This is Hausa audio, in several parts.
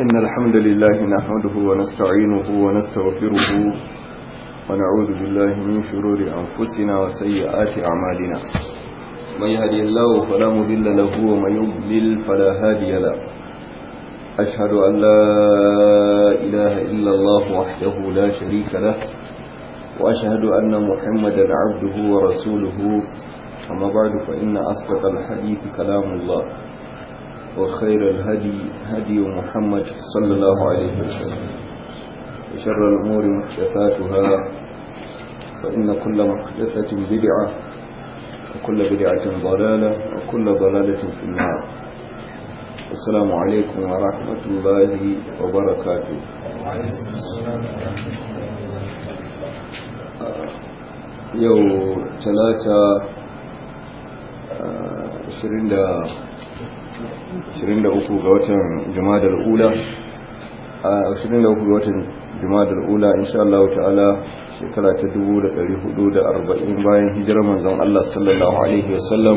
إن الحمد لله نحمده ونستعينه ونستغفره ونعوذ بالله من شرور أنفسنا وسيئات أعمالنا من يهدي الله فلا مذل له ومن يضلل فلا هادي له أشهد أن لا إله إلا الله وحده لا شريك له وأشهد أن محمدا عبده ورسوله أما بعد فإن أصدق الحديث كلام الله وخير الهدي هدي محمد صلى الله عليه وسلم وشر الأمور محدثاتها فإن كل محدثة بدعة وكل بدعة ضلالة وكل ضلالة في النار السلام عليكم ورحمة الله وبركاته يوم ثلاثة 20 آه، 23 ga watan jumadar ula a 23 ga watan jumadar ula insha Allah ta'ala shekara ta 1440 bayan hijirar manzon Allah sallallahu alaihi wasallam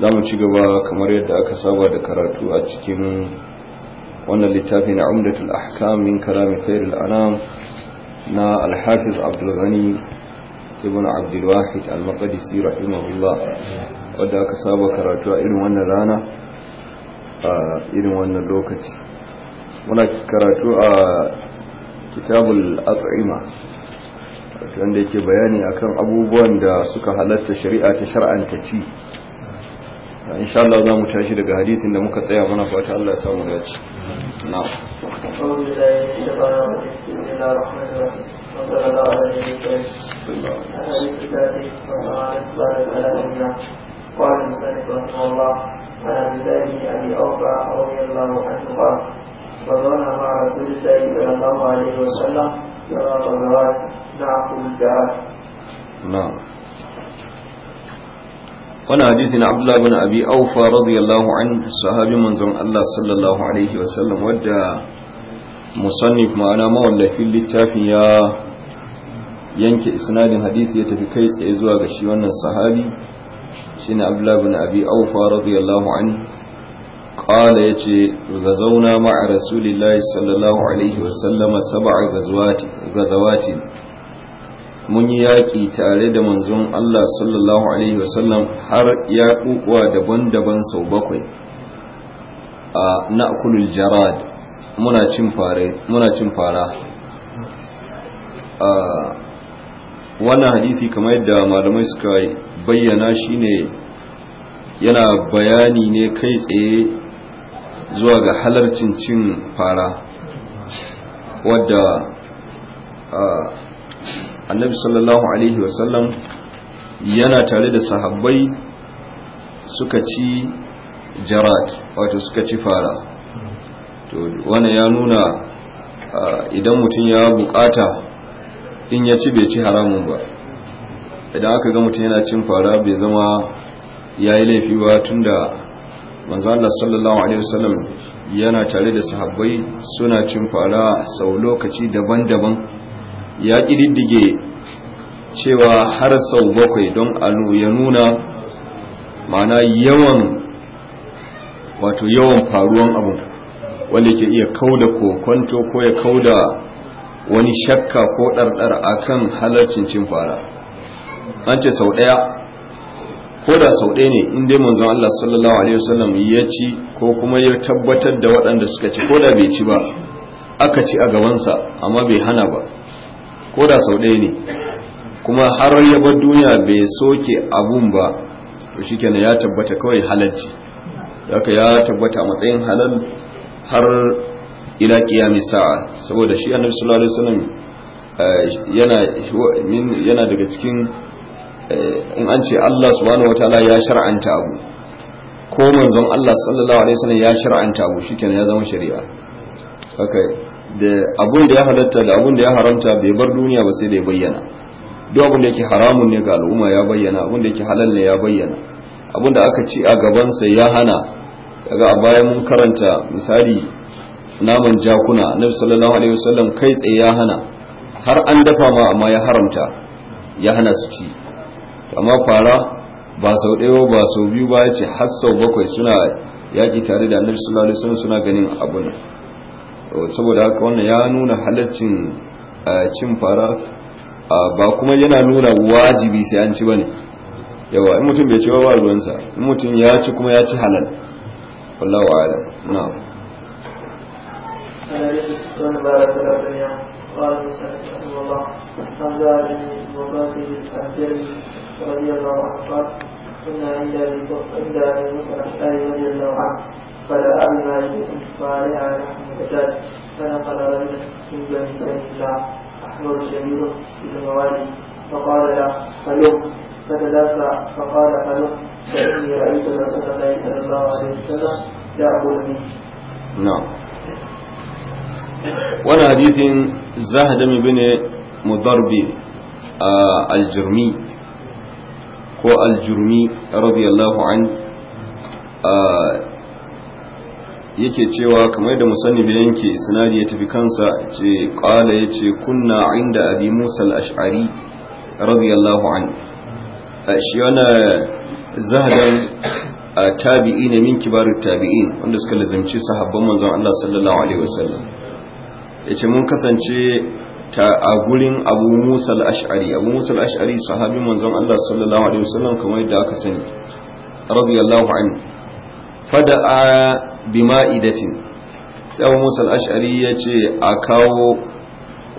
za mu ci gaba kamar yadda aka saba da karatu a cikin wannan littafi na umdatul ahkam min kalami ana anam na alhafiz abdul ghani ibn abdulwahid wahid al-maqdisi rahimahullah wadda aka saba karatu a irin wannan rana a irin wannan lokaci muna karatu a kitabul at'ima wanda yake bayani akan abubuwan da suka halatta shari'a ta shar'anta ci insha Allah za mu tashi daga hadisin da muka tsaya muna fata Allah ya samu dace na Allah عن ذلك أبي أوفى رضي الله عنه قال فظن مع رسول الله صلى الله عليه وسلم يرى طبرات نعقل الدعاء نعم wani hadisi na abdullahi bin abi aufa radiyallahu an sahabi manzon Allah sallallahu alaihi wasallam wadda musannif ma'ana mawallafin littafin ya yanke isnadin hadisi ya tafi kai tsaye zuwa ga shi wannan sahabi shine abdullah bin abi aufa radiyallahu anhu qala yace gazauna ma'a rasulillahi sallallahu alaihi wa sallama sab'a gazawati gazawati mun yi yaƙi tare da manzon Allah sallallahu alaihi wasallam har ya kukuwa daban-daban sau bakwai a na'kulul jarad muna cin fare muna cin fara wannan hadisi kamar yadda malamai suka bayyana ne yana bayani ne kai tsaye zuwa ga halarcin cin fara wadda annabi sallallahu alaihi wasallam yana tare da sahabbai suka ci jarat wato suka ci fara to wannan ya nuna idan mutum ya bukata in ya ci bai ci haramun ba idan aka ga mutum yana cin fara bai zama ya yi laifi ba tun da Allah sallallahu alaihi wasallam yana tare da sahabbai suna cin fara sau lokaci daban-daban ya ƙididdige cewa har sau bakwai don alu ya nuna mana yawan wato yawan faruwan abu wanda ke iya kauda kokonto ko ya kauda wani shakka ko ɗarɗar akan halarcin cin fara an ce sau ɗaya ko da sau ɗaya ne in dai manzon Allah sallallahu alaihi wasallam ya ci ko kuma ya tabbatar da waɗanda suka ci ko da bai ci ba aka ci a gabansa amma bai hana ba ko da sau ɗaya ne kuma har ya bar duniya bai soke abun ba to shikenan ya tabbata kawai halarci haka ya tabbata a matsayin halal har ila kiyami sa'a saboda shi annabi sallallahu alaihi wasallam eh, yana daga cikin in an ce Allah subhanahu wataala ya shar'anta abu ko manzon Allah sallallahu alaihi wasallam ya shar'anta abu shikenan ya zama shari'a haka da abun da ya halatta da abun da ya haramta bai bar duniya ba sai da ya bayyana duk abun da yake haramun ne ga al'umma ya bayyana abun da yake halal ne ya bayyana abun da aka ci a gabansa ya hana daga a baya mun karanta misali naman jakuna nabi sallallahu alaihi wasallam kai tsaye ya hana har an dafa ma amma ya haramta ya hana su ci amma fara ba sau ɗaya ba sau biyu ba ya ce har sau bakwai suna yaƙi tare da annabi sallallahu alaihi wasallam suna ganin abu saboda haka wannan ya nuna halaccin cin fara ba kuma yana nuna wajibi sai an ci bane yawa in mutum bai ci ba ruwansa in mutum ya ci kuma ya ci halal wallahu a'lam na'am قال رضي الله عنه قال كنا عند عند ابي موسى الاشعري رضي الله عنه قال ابي ما جئتم فعليها نحن فساد فنقل لنا من بني بني الله احمر شديد في الموالي فقال له خلوه فتدافع فقال خلوه فاني رايت رسول الله صلى الله عليه وسلم ياكل منه. نعم. وانا حديث زهد بن مضرب آه، الجرمي ko aljurmi radiyallahu an yake cewa kamar da da yanke sinadi ya tafi kansa ce kwala ya ce kunna inda abi musa al'ashari radiyallahu an shi yana a tabi'i ne min kibarin tabi'in wanda suka lazimci sahabban manzon Allah sallallahu alaihi wasallam ce mun kasance ta a gurin abu musa al abu musa al-ash'ari sahabin manzon Allah sallallahu alaihi wasallam kamar yadda aka sani radiyallahu anhu fada'a bima'idatin sai abu musa al ya ce a kawo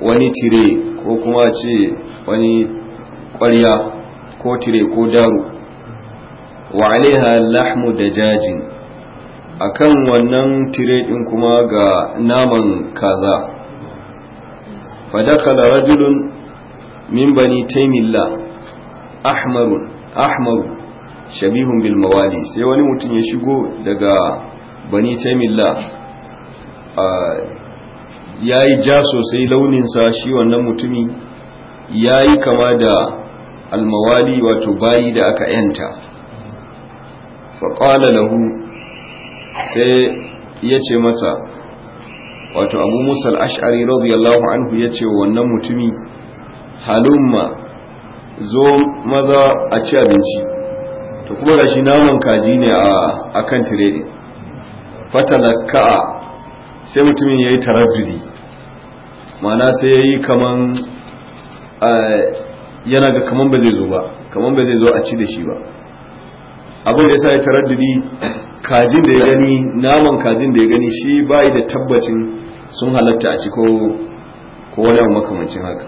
wani tire ko kuma ce wani ƙwarya ko tire ko daru wa alaiha lahmu da jajin akan wannan tire din kuma ga naman kaza فدخل رجل من بني تيم الله أحمر أحمر شبيه بالموالي سيواني متن يشيغو دقا بني تيم الله ya yi ja sosai launinsa shi wannan mutumi ya yi kama da almawali wato bayi da aka yanta faƙwala lahu sai ya ce masa wato abu musa al'ash'ari radiyallahu anhu ya ce wannan mutumi halumma zo maza a ci abinci to kuma da shi naman kaji ne a kan tirede fatalaka sai mutumin ya yi taraddudi mana sai ya yi kaman eh, yana ga kaman ba zai zo ba kaman ba zai zo a ci da shi ba abin da yasa ya taraddudi kajin da ya gani naman kajin da ya gani shi bai da tabbacin sun halatta a ciko ko wani abu makamancin haka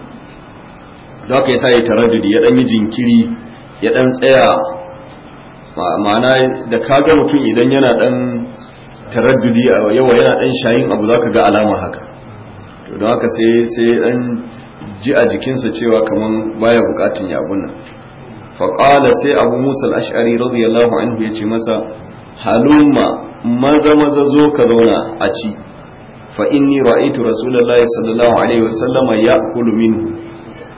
don haka yasa ya taraddudi ya dan yi jinkiri ya dan tsaya ma'ana da kaga mutum idan yana dan taraddudi a yawa yana dan shayin abu zaka ga alama haka to don haka sai sai dan ji a jikinsa cewa kaman baya bukatun ya abun nan فقال sai abu musa الاشعري رضي anhu ya ce masa halumma maza maza zo ka zauna a ci fa inni صلى الله sallallahu alaihi ياكل منه minhu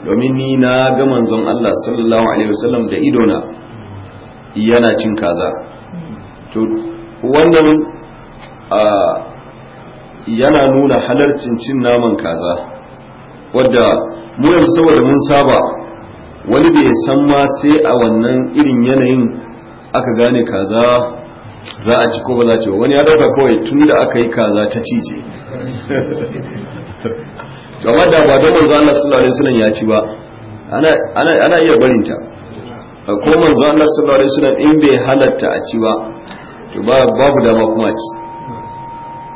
domin ni na ga manzon Allah sallallahu alaihi wasallam da idona yana cin kaza to wannan yana nuna halarcin cin naman kaza wadda mu yanzu saboda mun saba wani bai san ma sai a wannan irin yanayin aka gane kaza za a ci ko ba za ci wani ya dauka kawai tun da aka yi kaza ta ci ce amma da ba da manzo Allah sallallahu alaihi wasallam ya ci ba ana ana iya barin ta ko manzo Allah sallallahu alaihi wasallam in bai halatta a ci ba to babu dama kuma ci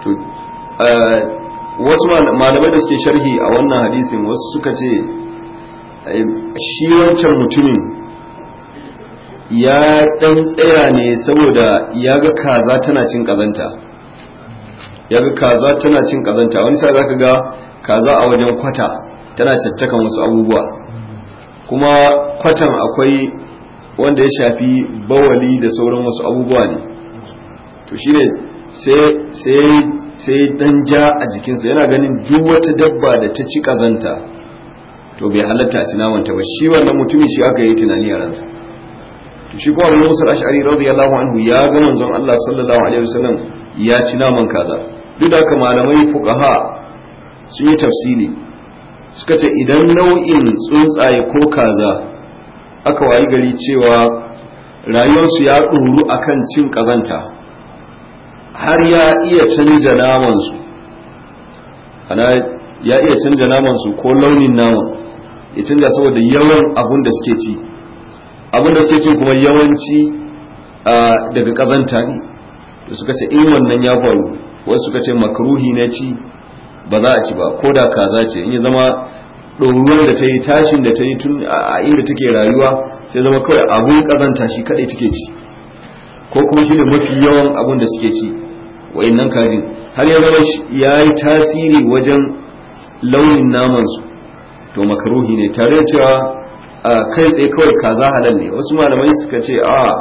to eh, wasu malamai da suke sharhi a wannan hadisin wasu suka ce shi wancan mutumin ya ɗan tsaya ne saboda ya ga kaza tana cin kazanta ya ga kaza tana cin kazanta wani sa zaka ga kaza a wajen kwata tana caccakan wasu abubuwa kuma kwatan akwai wanda ya shafi bawali da sauran wasu abubuwa ne to shine sai dan ja a jikinsa yana ganin duk wata dabba da ta ci kazanta to bai halatta a ci naman ba shi wannan mutumin shi aka yi tunani a ransa shi kuma Abu Musa ashari radiyallahu anhu ya ga manzon Allah sallallahu alaihi wasallam ya ci naman kaza duk da kuma malamai fuqaha sun yi tafsiri suka ce idan nau'in tsuntsaye ko kaza aka wayi gari cewa rayuwarsu ya ɗoru akan cin kazanta har ya iya canja namansu ana ya iya canja namansu ko launin naman ya canja saboda yawan abun da suke ci abun da suke ci kuma yawanci daga kazanta ne da suka ce in eh, wannan ya faru wasu suka ce makruhi na ci ba za a ci ba ko da kaza ce in ya zama ɗoruwar da ta yi tashin da ta yi tun a inda take rayuwa sai zama kawai abun kazanta shi kadai take ci ko kuma shi ne mafi yawan abun da suke ci wa'annan kajin har ya zama ya yi tasiri wajen launin namansu to makaruhi ne tare cewa a kai tsaye kawai kaza halal ne wasu malamai suka ce a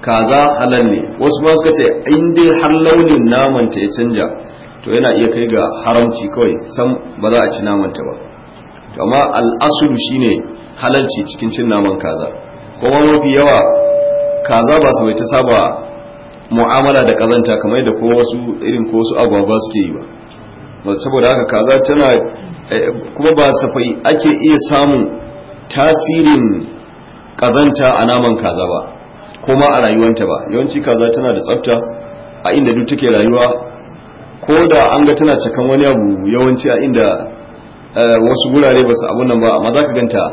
kaza halal ne wasu ma suka ce in dai har launin naman ta ya canja to yana iya kai ga haramci kawai san ba za a ci naman ta ba to amma al'asul shine halalci cikin cin naman kaza kuma mafi yawa kaza ba su ta saba mu'amala da kazanta kamar da ko wasu irin ko wasu agwagwa suke yi ba saboda haka kaza tana Eh, kuma ba safai ake iya samun tasirin kazanta a naman kaza ba kuma a rayuwanta ba yawanci kaza tana da tsafta a inda duk take rayuwa ko da an ga tana cakan wani abu yawanci a inda eh, wasu gurare ba su abun nan ba amma za ka ganta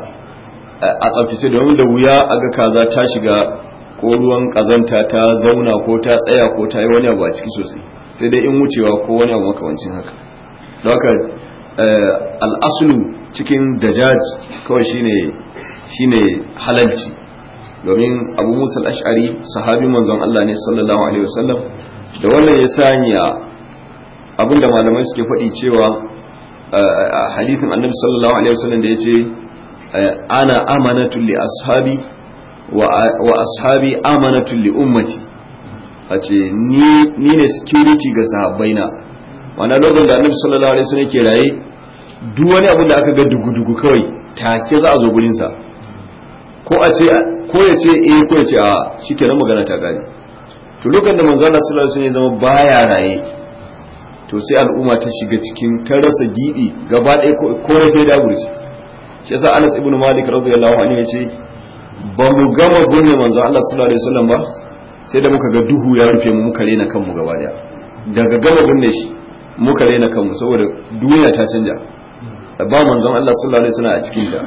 eh, a tsaftace domin da wuya a ga kaza ta shiga ko ruwan kazanta ta zauna ko ta tsaya ko ta yi wani abu a ciki sosai sai dai in wucewa ko wani abu makamancin haka haka Eh, al'asulu cikin dajaj kawai shine shine halalci domin abu musa al'ashari sahabi manzon Allah ne sallallahu alaihi wasallam da wannan ya sanya abinda malamai suke faɗi cewa eh, a hadithin annabi sallallahu alaihi wasallam da ya ce eh, ana amanatun li ashabi wa ashabi amanatu li ummati a ce ni ne security ga sahabbaina wannan lokacin da annabi sallallahu alaihi wasallam ke raye duk wani abu da aka ga dugu-dugu kawai take za a zo gurin sa ko a ce ko ya ce eh ko ya ce a shikenan magana ta gane to lokacin da manzo Allah sallallahu alaihi wasallam ya zama baya raye to sai al'umma ta shiga cikin ta rasa gibi gaba ɗaya ko sai da gurci shi yasa Anas ibn Malik radiyallahu anhu ya ce ba mu gama gurin manzo Allah sallallahu alaihi wasallam ba sai da muka ga duhu ya rufe mu muka rena kanmu gaba daya daga gama gurin shi muka raina kanmu saboda duniya ta canja ba manzon Allah sallallahu alaihi wasallam a cikin ta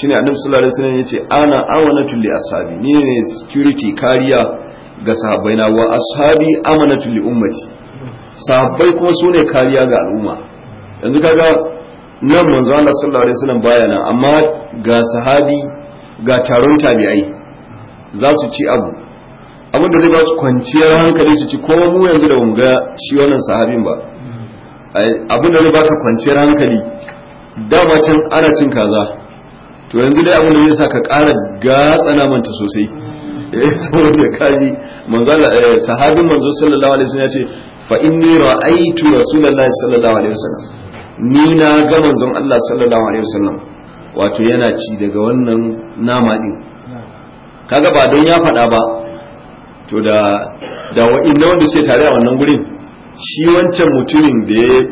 shine annabi sallallahu alaihi wasallam yace ana amanatul li ashabi ni ne security kariya ga sahabbai na wa ashabi amanatul li ummati sahabbai kuma su ne kariya ga al'umma yanzu kaga nan manzon Allah sallallahu alaihi wasallam baya nan amma ga sahabi ga taron tabi'ai za su ci abu abin da zai ba su kwanciyar hankali su ci ko mu yanzu da mu ga shi wannan sahabin ba abin da zai baka kwanciyar hankali dama can ana cin kaza to yanzu dai abin da zai sa ka ƙara gatsa namanta sosai eh, saboda kaji manzala eh, sahabin manzo sallallahu alaihi wasallam ya ce fa inni ra'aytu rasulullahi sallallahu alaihi wasallam ni na ga manzon Allah sallallahu alaihi wasallam wato yana ci daga wannan nama din kaga ba don ya faɗa ba to da da wa'in wanda suke tare a wannan gurin shi wancan mutumin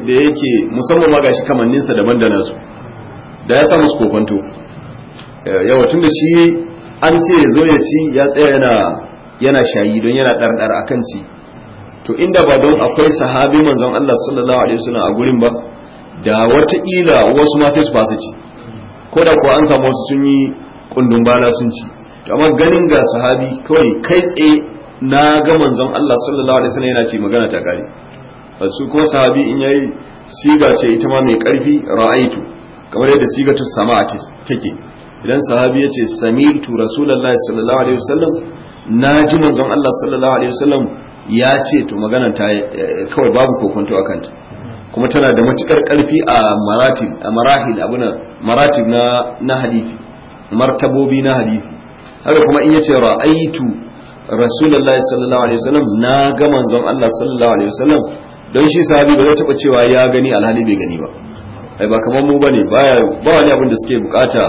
da yake musamman ma gashi kamanninsa daban da nasu da ya samu kofanto eh, yawa tun da shi an ce zo ya ci ya tsaya yana yana shayi don yana ɗarɗar a kan ci to inda ba don akwai sahabi manzon Allah sallallahu alaihi wasallam a gurin ba da wata ila wasu ma sai su fasu ci ko da kuwa an samu wasu sun yi kundun bala sun ci to amma ganin ga sahabi kawai kai tsaye na ga manzon Allah sallallahu alaihi wasallam yana ci magana ta kare su kuma sahabi in yayi siga ce ita ma mai karfi ra'aitu kamar yadda sigatu sama take idan sahabi ya ce samitu rasulullahi sallallahu alaihi wasallam na ji manzon Allah sallallahu alaihi wasallam ya ce to maganar ta kawai babu kokonto akan ta kuma tana da matukar karfi a maratib a marahil abuna maratib na na hadisi martabobi na hadisi haka kuma in yace ra'aitu rasulullahi sallallahu alaihi wasallam na ga manzon Allah sallallahu alaihi wasallam don shi sahabi ba zai taba cewa ya gani alhali bai gani ba ai ba kamar mu bane baya ba wani abin da suke bukata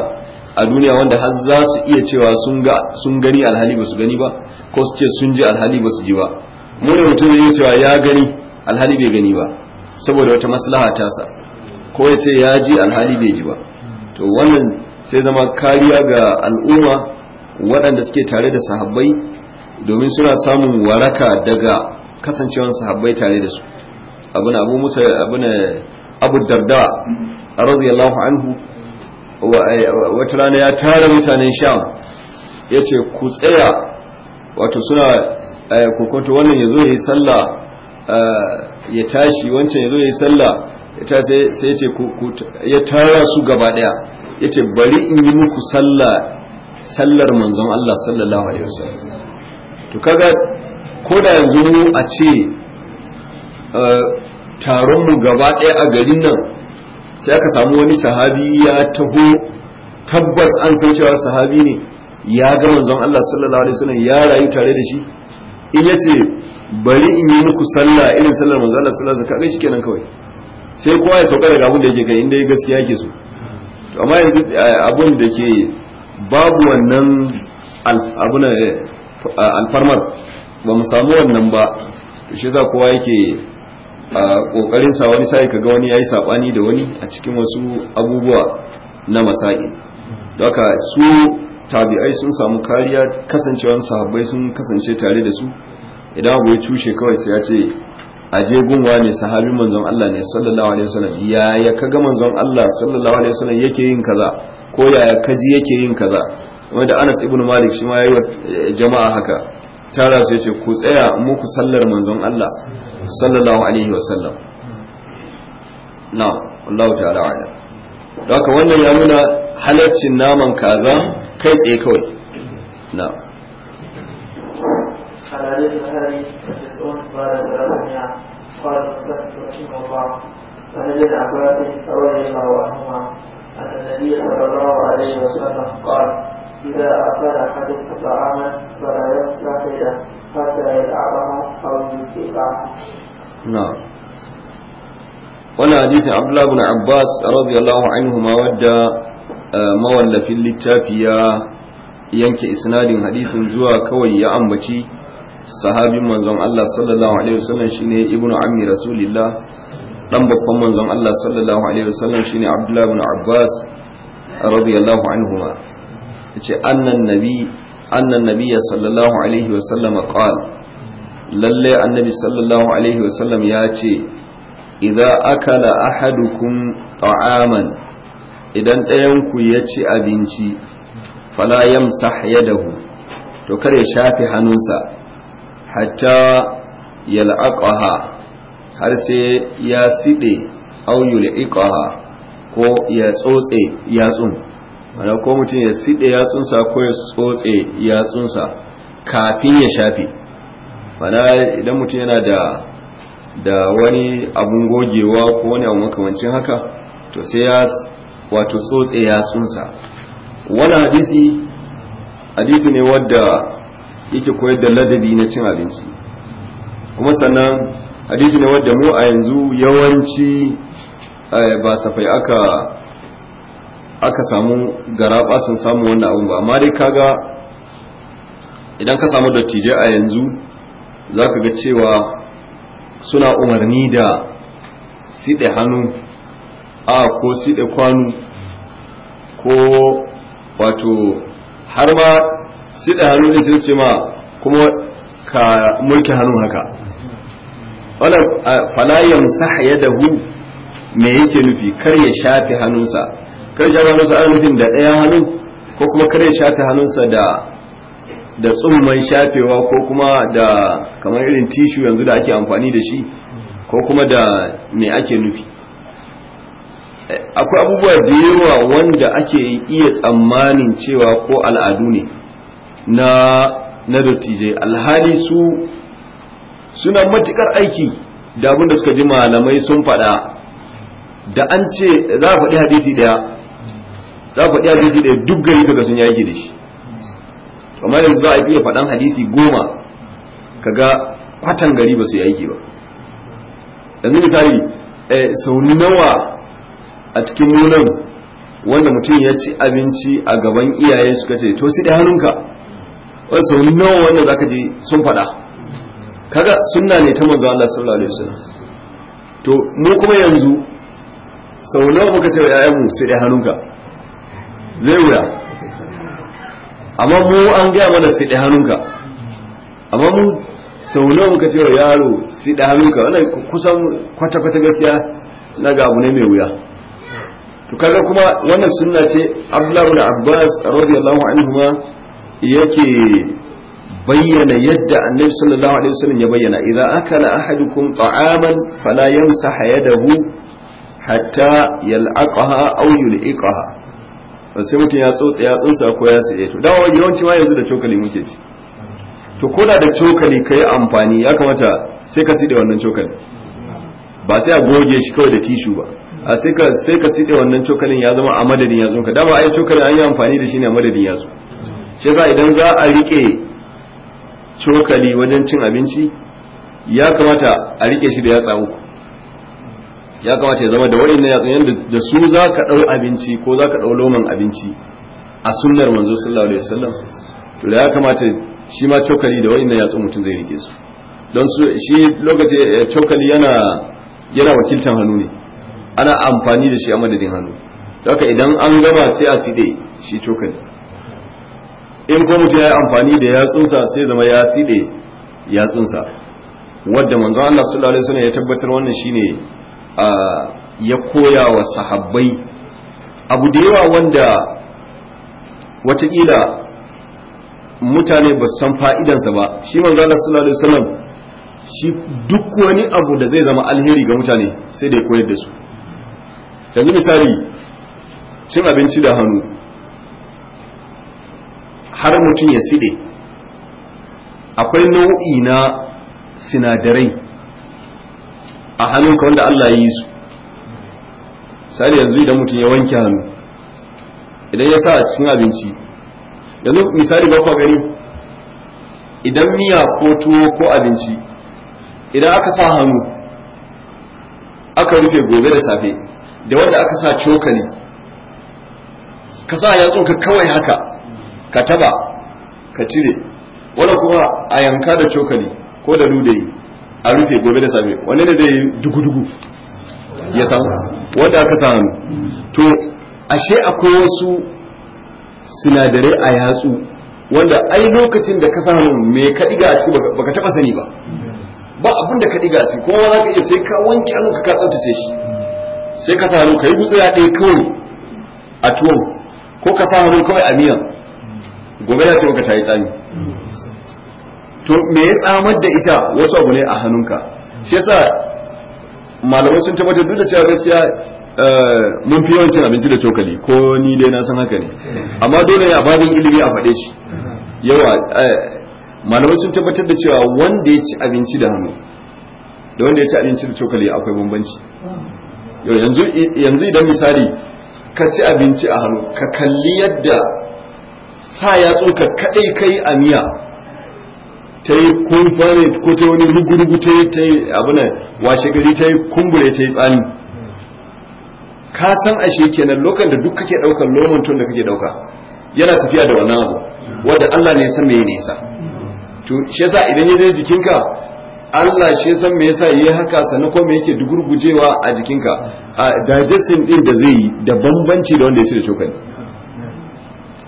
a duniya wanda har za su iya cewa sun ga sun gani alhali ba su gani ba ko su ce sun ji alhali ba su ji ba mu ne mutum zai cewa ya gani alhali bai gani ba saboda wata maslaha ta sa ko ya ce ya ji alhali bai ji ba to wannan sai zama kariya ga al'umma waɗanda suke tare da sahabbai domin suna samun waraka daga kasancewar sahabbai tare da su abuna abu musa abuna abu darda radiyallahu anhu wata rana ya tara mutanen sham ya ce ku tsaya wato suna kokonto wannan ya zo ya yi sallah ya tashi wancan ya zo ya yi sallah ta sai ce ya tara su gaba daya ya ce bari in yi muku sallah sallar manzon Allah sallallahu alaihi wasallam to kaga ko da yanzu a ce taron mu gaba ɗaya a garin nan sai aka samu wani sahabi ya taho tabbas an san cewa sahabi ne ya ga manzon Allah sallallahu alaihi wasallam ya rayu tare da shi in yace bari in yi muku sallah irin sallar manzon Allah sallallahu alaihi wasallam kaga kenan kawai sai kowa ya sauka daga abin da yake kai inda gaskiya yake so to amma yanzu eh, abun da ke babu wannan abun eh, alfarmar ba mu samu wannan ba shi yasa kowa yake a kokarin sa wani sai ga wani yayi sabani da wani a cikin wasu abubuwa na masaƙi. haka su tabi'ai sun samu kariya kasancewar sahabbai sun kasance tare da su idan abu ya cushe kawai sai ya ce aje gunwa ne sahabi manzon Allah ne sallallahu alaihi wasallam ya ya kaga manzon Allah sallallahu alaihi wasallam yake yin kaza ko ya kaji yake yin kaza da Anas ibn Malik shi ma yayi jama'a haka tara su yace ku tsaya muku sallar manzon Allah sallallahu alaihi wasallam na Allah ta'ala ala haka wannan ya nuna halaccin naman kaza kai tsaye kawai na قال إذا أكل أحدكم طعاما فلا يمسح يده حتى يلعبه أو يمسكه نعم wannan hadisin abdullahi bin abbas radiyallahu anhu ma wadda mawallafin littafi ya yanke isnadin hadisin zuwa kawai ya ambaci sahabin manzon Allah sallallahu alaihi wasallam shine ibnu ammi rasulillah dan babban manzon Allah sallallahu alaihi wasallam shine abdullahi bin abbas radiyallahu anhu yace annan nabi annan nabiyya sallallahu alaihi wa sallam qala lalle annabi sallallahu alaihi wa sallam ya ce idza akala ahadukum ta'aman idan ɗayan ku ya ci abinci fala yamsah yadahu to kare shafi hannunsa hatta yal'aqaha har sai ya siɗe au yul'iqaha ko ya tsotse yatsun mana ko mutum ya siɗe yatsunsa ko ya tsotse yatsunsa kafin ya shafe mana idan mutum yana da da wani abun gogewa ko wani abu makamancin haka to sai ya wato tsotse yatsunsa wani hadisi hadisi ne wadda yake koyar da ladabi na cin abinci kuma sannan hadisi ne wadda mu a yanzu yawanci eh, ba safai aka aka samu garaba sun samu wannan abun ba amma dai kaga idan ka samu dattijai a yanzu za ka ga cewa suna umarni da siɗe hannu a ko siɗe kwano ko wato har ma siɗe hannu ɗin ce ma kuma ka mulki hannu haka wala fala yamsah yadahu me yake nufi kar ya shafe hannunsa kar sha hannunsa ana nufin da ɗaya hannun ko kuma kar shafe hannunsa da da tsumman shafewa ko kuma da kamar irin tishu yanzu da ake amfani da shi ko kuma da me ake nufi akwai abubuwa da yawa wanda ake iya tsammanin cewa ko al'adu ne na na dattijai alhali su suna matukar aiki da abinda suka ji malamai sun faɗa da an ce za a faɗi hadisi ɗaya za ku faɗi zai da duk gari ga sun yaki da shi amma yanzu za a iya faɗan hadisi goma kaga kwatan gari ba su yaki ba yanzu misali eh, sau nawa a cikin nunan wanda mutum ya ci abinci a gaban iyaye suka ce to sai hannunka sau nawa wanda za ka ji sun faɗa kaga sunna ne ta manzo Allah sallallahu alaihi wasallam to mu kuma yanzu sau nawa muka ce wa 'ya'yanmu sai dai hannunka zai wuya amma mu an gaya mana sai hannunka amma mu sau nawa muka wa yaro sai hannunka wannan kusan kwata-kwata gaskiya na ga abu ne mai wuya to kaga kuma wannan sunna ce abdullahi ibn Abbas radiyallahu anhu ma yake bayyana yadda annabi sallallahu alaihi wasallam ya bayyana idza akala ahadukum ta'aman fala yamsah yadahu hatta yal'aqaha aw yul'iqaha sai mutum ya tsotsa ya tsunsa ko ya saye to dawo yawanci ma yanzu da cokali muke ci to koda da cokali kai amfani ya kamata sai ka wannan cokali ba sai a goge shi kawai da tishu ba a sai ka sai ka wannan cokalin ya zama a madadin yatsun ka dama ai cokalin an yi amfani da shi ne a madadin yatsu shi yasa idan za a rike cokali wajen cin abinci ya kamata a rike shi da yatsa uku ya kamata ya zama da wa'annan yatsun yanda da su za ka ɗau abinci ko za ka ɗau loman abinci a sunnar manzo sallallahu alaihi wasallam to da ya kamata shi ma cokali da wa'annan yatsun mutum zai rike su don su shi lokaci eh, cokali yana yana wakiltan hannu ne ana amfani da shi a madadin hannu haka idan an gama sai a side shi cokali in ko mutum ya yi amfani da yatsunsa sai zama ya side yatsunsa wadda manzo Allah sallallahu alaihi wasallam ya tabbatar wannan shine ya koya wa sahabbai abu da yawa wanda watakila mutane ba san fa'idansa ba shi manzala sallallahu alaihi wasallam shi duk wani abu da zai zama alheri ga mutane sai da ya koyar da su yanzu misali cin abinci da hannu har mutum ya side akwai nau'i na sinadarai a hannunka wanda Allah ya yi su sai yanzu idan mutum ya wanke hannu idan ya sa a cikin abinci yanzu misali ba gani idan miya ko tuwo ko abinci idan aka sa hannu aka rufe gobe da safe da wanda aka sa cokali ka sa yatsun ka kawai haka ka taba ka cire wanda kuma a yanka da cokali ko da ludayi a rufe gobe da safe wani ne zai dugu dugu ya samu wanda aka samu to ashe akwai wasu sinadarai a yatsu wanda ai lokacin da ka samu me ka diga a ciki baka taba sani ba ba abin da ka a ciki kuma za ka iya sai ka wanke hannu ka tsaftace shi sai ka sa hannu ka yi ya ɗaya kawai a tuwon ko ka sa hannu kawai a miyan gobe da ce baka tayi tsami to me ya tsamar da ita wasu abu ne a hannunka shi yasa malamai sun tabbatar duk da cewa gaskiya eh, mun fi yawancin abinci da cokali ko ni dai na san haka ne amma dole ne a babin ilimi a faɗe shi yawa eh, malamai sun tabbatar da cewa wanda ya ci abinci da hannu da wanda ya ci abinci da cokali akwai bambanci yanzu idan misali ka ci abinci a hannu ka kalli yadda sa yatsunka kaɗai kai a miya ta yi kumfa ne ko ta wani rugurugu ta yi ta yi abin washe gari ta yi kumbure ta yi tsani ka san ashe kenan lokacin da duk kake daukar loman tun da kake dauka yana tafiya da wannan abu wanda Allah ne ya san me yasa to shi yasa idan ya je jikinka Allah shi san me yasa yi haka sannan ko me yake dugurgujewa a jikinka a digestion din da zai yi da bambanci da wanda ya ce da cokali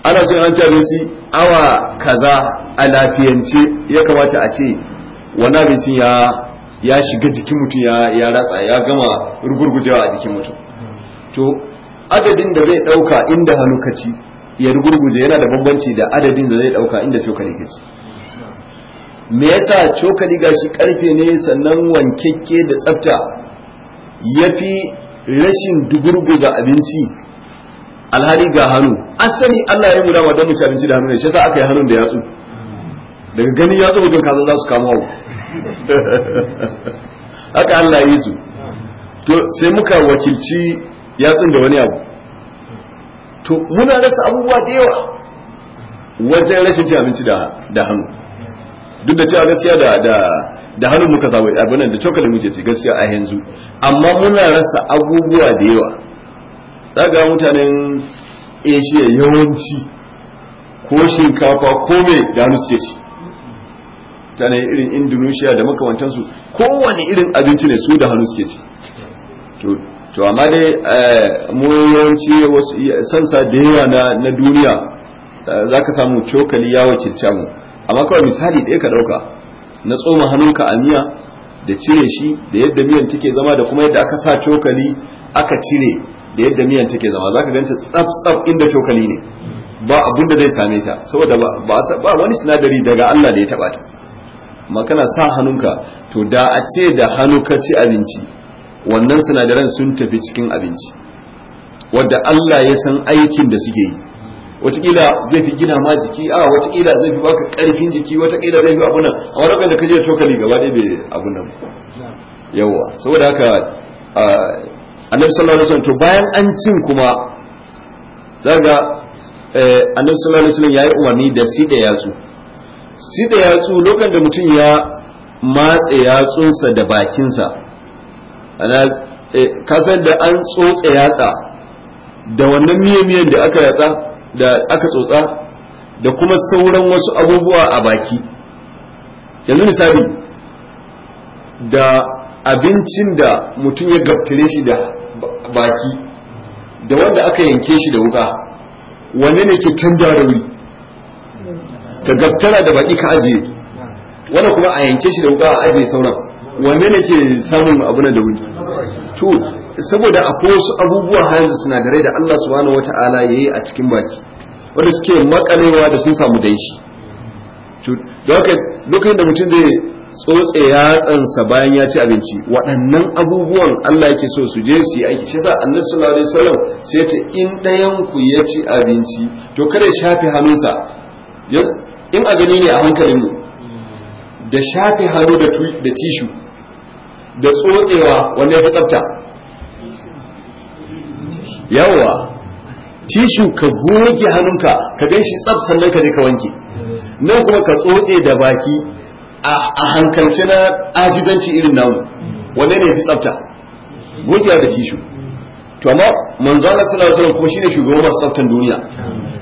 ana so an ci abinci awa kaza a lafiyance ya kamata a ce wannan abincin ya ya shiga jikin mutum ya ya ratsa ya gama rugurgujewa a jikin mutum to adadin da zai dauka inda hannu ya rugurguje yana da bambanci da adadin da zai dauka inda cokali ke ci me yasa cokali gashi karfe ne sannan wankekke da tsafta yafi rashin dugurguza abinci alhali ga hannu asali Allah ya nuna wa dan mutum abinci da hannu ne shi yasa aka yi hannun da yatsu daga ganin yatsu mutum kaza za su kama wa haka Allah yi su to sai muka wakilci yatsun da wani abu to muna rasa abubuwa da yawa wajen rashin cin abinci da hannu duk da cewa gaskiya da da da hannu muka samu abin da cokali muke ci gaskiya a yanzu amma muna rasa abubuwa da yawa daga mutanen asia yawanci ko shinkafa ko mai da hannu suke ci mutanen irin indonesia da makamantansu kowane irin abinci ne su da hannu suke ci to amma dai eh, mu yawanci wasu sansa da yawa na duniya eh, za ka samu cokali ya wakilci mu amma kawai misali ɗaya ka ɗauka na tsoma hannunka a miya da cire shi da yadda miyan take zama da kuma yadda aka sa cokali aka cire da yadda miyan take zama zaka ganta tsaf tsaf inda cokali ne ba abun zai same ta saboda ba wani sinadari daga Allah da ya taba ta ma kana sa hannunka to da a ce da hannu ka ci abinci wannan sinadaran sun tafi cikin abinci wadda Allah ya san aikin da suke yi watakila zai fi gina ma jiki a watakila zai fi baka karfin jiki watakila zai fi abu nan a wani da ka je cokali gaba ɗaya bai nan yawa saboda haka annabi sallallahu alaihi wasallam to bayan an cin kuma daga eh, annabi sallallahu alaihi wasallam yayi umarni da sida yatsu sida yatsu lokacin da mutum ya matse yatsunsa da bakinsa ana eh, san da an tsotse yatsa da wannan miye-miyen da aka yatsa da aka tsotsa da kuma sauran wasu abubuwa a baki yanzu misali da abincin da mutum ya gabtare shi da baki da wanda aka yanke shi da wuka wanne ne ke canja rauni ka gabtara da baki ka ajiye wanda kuma a yanke shi da wuka a ajiye sauran wanne ne ke samun abu da wuri to saboda akwai wasu abubuwa har yanzu sinadarai da Allah subhanahu wata'ala yayi a cikin baki wanda suke makalewa da sun samu danshi to da lokacin da mutum zai tsotse yatsansa bayan ya ci abinci waɗannan abubuwan Allah yake so su je su yi aiki shi yasa annabi sallallahu alaihi wasallam sai ce in ɗayan ku ya ci abinci to kada ya shafe hannunsa in a gani ne a hankalin da shafe hannu da tishu da tsotsewa wanda ya fi tsafta yawa tishu ka goge hannunka ka gan shi tsaf sannan ka je ka wanke nan kuma ka tsotse da baki a hankalce na ajizanci irin namu wanne ne fi tsafta gungiya da kishu to amma manzo Allah sallallahu alaihi wasallam ne shine shugaban masu tsaftan duniya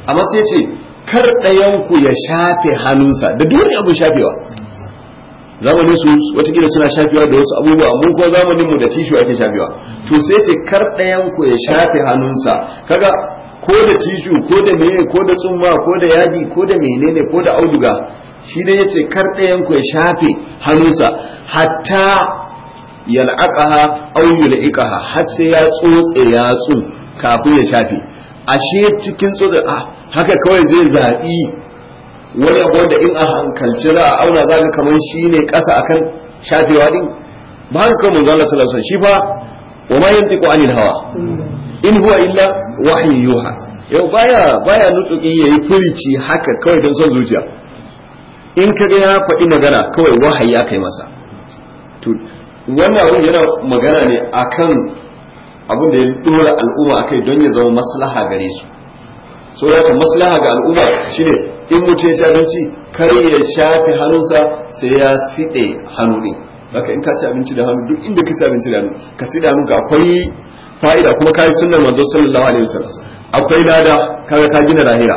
amma sai ce kar ɗayan ku ya shafe hannunsa da duk wani abin shafewa Zamani su watakila suna shafewa da wasu abubuwa mun kuma zamanin mu da tishu ake shafewa to sai ce kar ɗayan ku ya shafe hannunsa kaga ko da tishu ko da meye ko da tsumma ko da yadi ko da menene ko da auduga shi dai yace kar ɗayan ku ya shafe hannunsa hatta yal'aqaha aw yul'iqaha har sai ya tsotse ya tsu kafin ya shafe ashe cikin tsotse ah, haka kawai zai zabi wani abu da in a hankalci za a auna za ka kamar shi ne ƙasa akan shafewa din ba haka kawai manzo Allah sallallahu alaihi wasallam shi fa wa ma yantiqu anil hawa in huwa illa wahyu yuha yau baya baya nutuki yayi furici haka kawai don son zuciya in ka ga ya faɗi magana kawai wahayi ya kai masa to wannan abin yana magana ne akan abin da ya dora al'umma akai don ya zama maslaha gare su so haka maslaha ga al'umma shine in mutum ya ci abinci kar ya shafe hannunsa sai ya siɗe hannu ne haka in ka ci abinci da hannu duk inda ka ci abinci da hannu ka siɗe hannu ga akwai fa'ida kuma kai sunnar manzo sallallahu alaihi wasallam akwai lada kaga ta gina lahira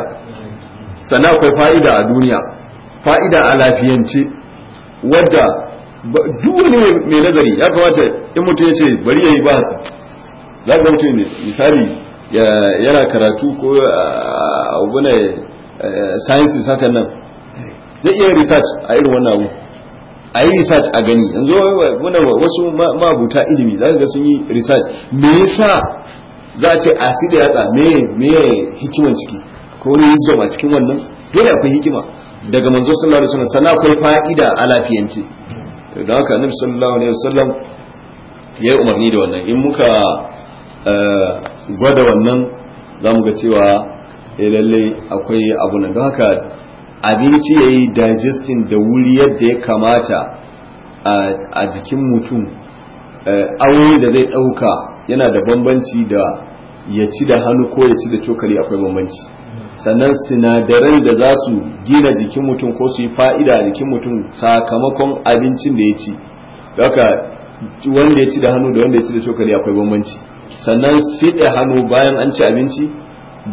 sannan akwai fa'ida a duniya fa'ida a lafiyance wadda duk wani mai nazari ya kamata in mutum ya ce bari ya yi ba za ka mutum misali yana karatu ko abuna sciences hakan nan zai iya research a irin wannan abu a yi research a gani yanzu wani wasu mabuta ilimi za ga sun yi research me yasa za a ce asida ya tsa me hikiman ciki ko ne yi a cikin wannan dole akwai hikima daga manzo sallallahu alaihi wasallam sana kai fa'ida a lafiyance don haka annabi sallallahu alaihi wasallam ya yi umarni da wannan in muka eh, gwada wannan za mu ga cewa eh, lallai akwai abu nan don haka abinci ya yi digesting da wuri yadda ya kamata a jikin mutum eh, aure da zai ɗauka yana da bambanci da ya ci da hannu ko ya ci da cokali akwai bambanci sannan sinadaran da za su gina jikin mutum ko su yi fa'ida a jikin mutum sakamakon abincin da ya ci daga wanda ya ci da hannu da wanda ya ci da cokali akwai bambanci sannan siɗe hannu bayan an ci abinci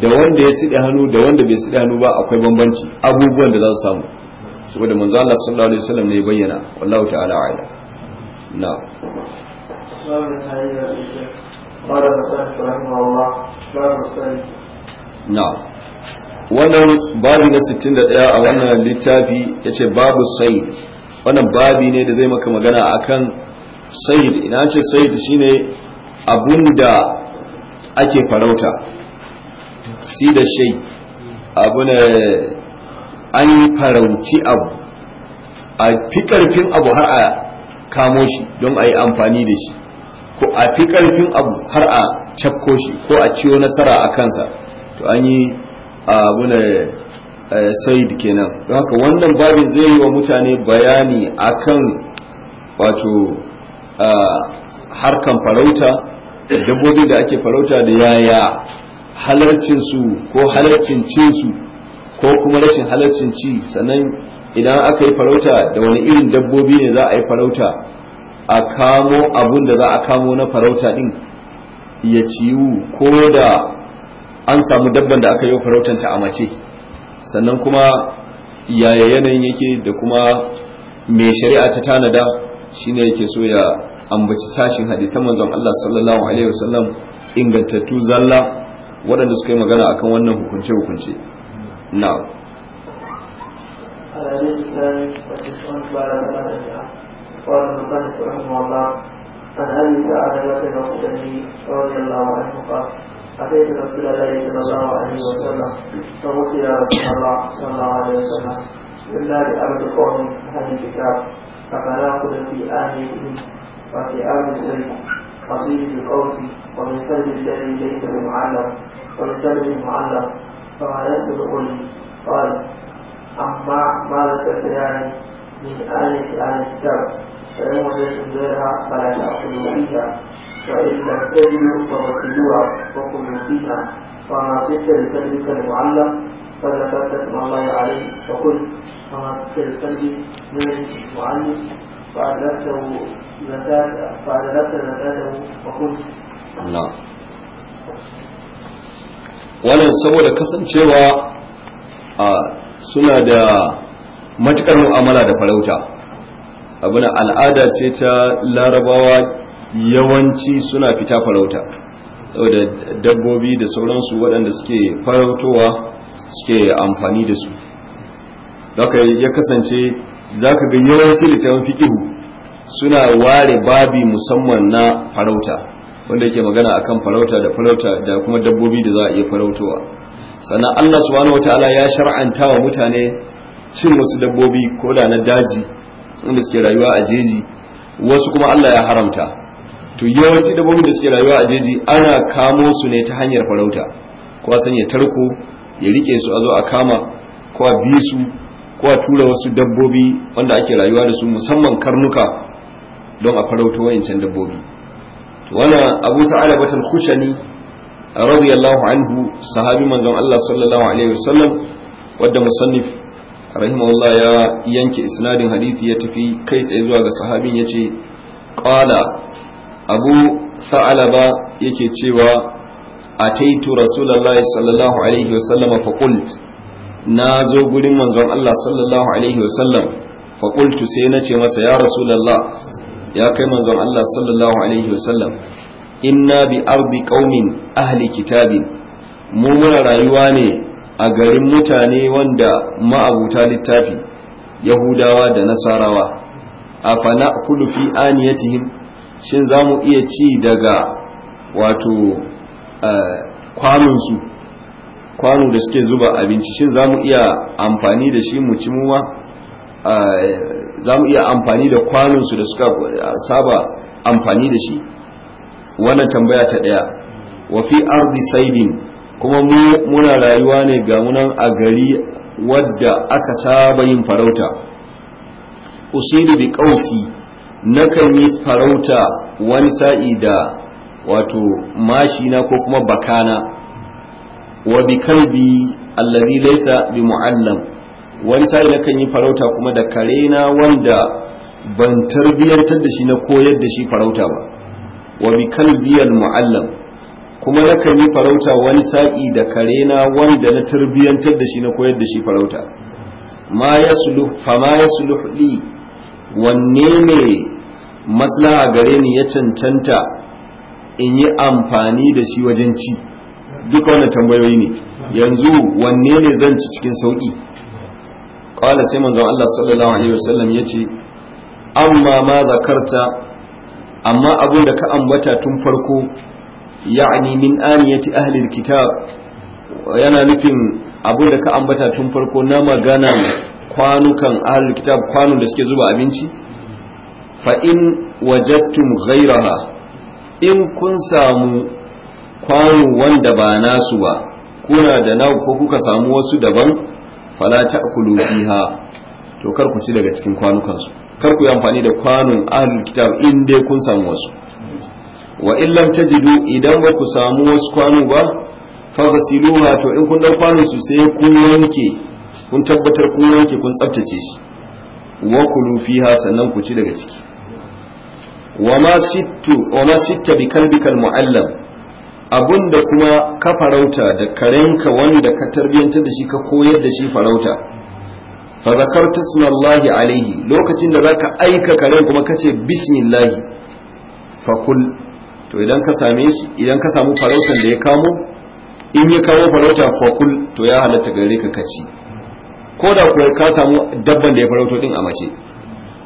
da wanda ya siɗe hannu da wanda bai siɗe hannu ba akwai bambanci abubuwan da za su samu saboda manzo Allah sallallahu alaihi wasallam ne ya bayyana wallahu ta'ala a'lam na'am na'am wannan babi na 61 a wannan littafi ya ce babu sayid wannan babi ne da zai maka magana a akan sayid ina ce sayid ne abun da ake farauta si da shai abu ne an farauci abu a fi karfin abu har a kamo shi don a yi amfani da shi ko a fi karfin abu har a cakko shi ko a ciwo nasara a kansa to an yi abuna eh, said kenan haka wannan babin zai yi wa mutane bayani akan wato harkan farauta dabbobi da ake farauta da yaya halarcin su ko halarcin cin ko kuma rashin halarcin ci sannan idan aka yi farauta da wani irin dabbobi ne za a yi farauta a kamo abun da za a kamo na farauta din ya ciwu ko da an samu dabban da aka yi farautanta a mace sannan kuma yaya yanayin yake da kuma me shari'a ta tanada shine yake so ya ambaci sashin hadithan manzon Allah sallallahu alaihi wasallam ingantattu zalla waɗanda suka yi magana akan wannan hukunce hukunce na قال المصنف رحمه الله عن ابي سعد بن رضي الله عنه قال أتيت رسول الله صلى الله عليه وسلم فوفي رسول الله صلى الله عليه وسلم إلا بأرض قوم أهل الكتاب ففناقض في آنيتهم وفي أرض السلم وصيب القوس ومن سلب الذي ليس بمعلم ومن سلب المعلم فما يسلب قولي قال أما ما يعني من آلة آل الكتاب فإن وجدتم غيرها فلا تأخذوا فيها وإلا الكلمة المعلم الله عليه فقل من المعلم فأدركته فأدركت فقل نعم wannan saboda kasancewa suna da matukar mu'amala da farauta abin al'ada ce ta larabawa yawanci suna fita farauta saboda dabbobi da sauransu waɗanda suke farautowa suke amfani da su haka ya kasance za ka ga yawanci littafin fikihu suna ware babi musamman na farauta wanda yake magana akan farauta da farauta da kuma dabbobi da za a iya farautowa sannan Allah subhanahu ala ya shar'anta wa mutane cin wasu dabbobi ko da na daji wanda suke rayuwa a jeji wasu kuma Allah ya haramta to yawanci dabbobin da suke rayuwa a jeji ana kamo su ne ta hanyar farauta ko a sanya tarko ya rike su a zo a kama ko a bi su ko a tura wasu dabbobi wanda ake rayuwa da su musamman karnuka don a farauta wayancan dabbobi wannan abu sa'ala batal khushani radiyallahu anhu sahabi manzon Allah sallallahu alaihi wasallam wadda musannif rahimahullah ya yanke isnadin hadisi ya tafi kai tsaye zuwa ga sahabin yace qala abu sa'alaba yake cewa ataitu rasulullahi sallallahu alaihi wasallam fa qult na zo gurin manzon Allah sallallahu alaihi wasallam fa qultu sai na ce masa ya rasulullah ya kai manzon Allah sallallahu alaihi wasallam inna bi ardi qaumin ahli kitabin mu muna rayuwa ne a garin mutane wanda ma'abuta littafi yahudawa da nasarawa afana kulu fi aniyatihim shin za mu iya ci daga wato eh, kwanonsu kwano da suke zuba abinci shin za mu iya amfani da shi mu ci muwa eh, za mu iya amfani da kwanonsu da suka eh, saba amfani da shi wannan tambaya ta ɗaya Wafi fi ardi saidin kuma muna rayuwa ne ga munan a gari wadda aka saba yin farauta usiri bi ƙausi nakan yi farauta wani sa'i da wato mashina ko kuma bakana wa bi kalbi allazi laysa bi muallam wani sa'i nakan yi farauta kuma da karena wanda ban tarbiyyantar da shi na koyar da shi farauta ba wa bi kalbiyal muallam kuma nakan yi farauta wani sa'i da karena wanda na tarbiyyantar da shi na koyar da shi farauta ma yasluh fa ma yasluh li wanne ne maslaha gare ni ya cancanta in yi amfani da shi wajen ci duk wannan tambayoyi ne yanzu wanne ne zan ci cikin sauki ƙwala sai manzon Allah sallallahu alaihi wasallam ce amma ma zakarta amma abin da ka ambata tun farko ya'ani min aniyati ahli kitab yana nufin abin da ka ambata tun farko na magana kwanukan ahlul kitab kwanun da suke zuba abinci fa in wajattum ghairaha in kun samu kwano wanda ba nasu ba kuna da naku ko kuka samu wasu daban fala ta'kulu fiha to kar ku ci daga cikin kwanukansu kar ku yi amfani da kwanon ahlul kitab in dai kun samu wasu wa in lam tajidu idan ba ku samu wasu kwano ba fa faghsiluha to in kun dau kwano su sai kun wanke kun tabbatar kun wanke kun tsaftace shi wa kulu fiha sannan ku ci daga ciki wa ma sitta bi kalbikal mu'allam abunda kuma ka farauta da karenka wanda ka tarbiyantar da shi ka koyar da shi farauta fa zakarta sunallahi alaihi lokacin da zaka aika karen kuma kace bismillahi fa kul to idan ka same shi idan ka samu farautan da ya kamo in ya kawo farauta fa kul to ya halatta gare ka kaci ko da kuwa ka samu dabban da ya farauto din a mace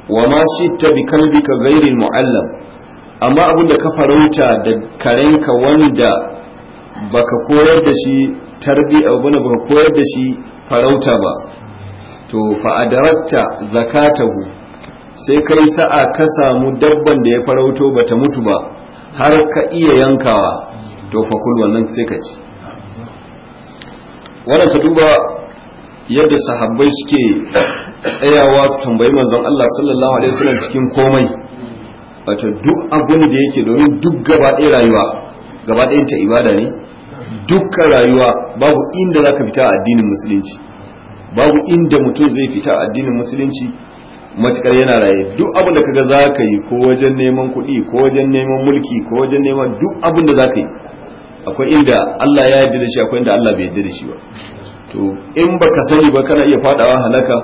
wa ma ta bi kalbika ghairi mu'allam amma abin da ka farauta da karenka wanda baka koyar da shi tarbiya ba baka koyar da shi farauta ba to fa adaratta zakatahu sai kai sa'a ka samu dabban da ya farauto bata mutu ba har ka iya yankawa to fa kul wannan sai ka ci wannan ka duba yadda sahabbai suke tsayawa su tambayi manzon Allah sallallahu alaihi wasallam cikin komai wato duk abin da yake domin duk gaba ɗaya rayuwa gaba ɗayan ta ibada ne dukkan rayuwa babu inda zaka fita a addinin musulunci babu inda mutum zai fita a addinin musulunci matukar yana raye duk abin da kaga zaka yi ko wajen neman kuɗi ko wajen neman mulki ko wajen neman duk abin da zaka yi akwai inda Allah ya yarda da shi akwai inda Allah bai yarda da shi ba to in baka sani ba kana iya fadawa halaka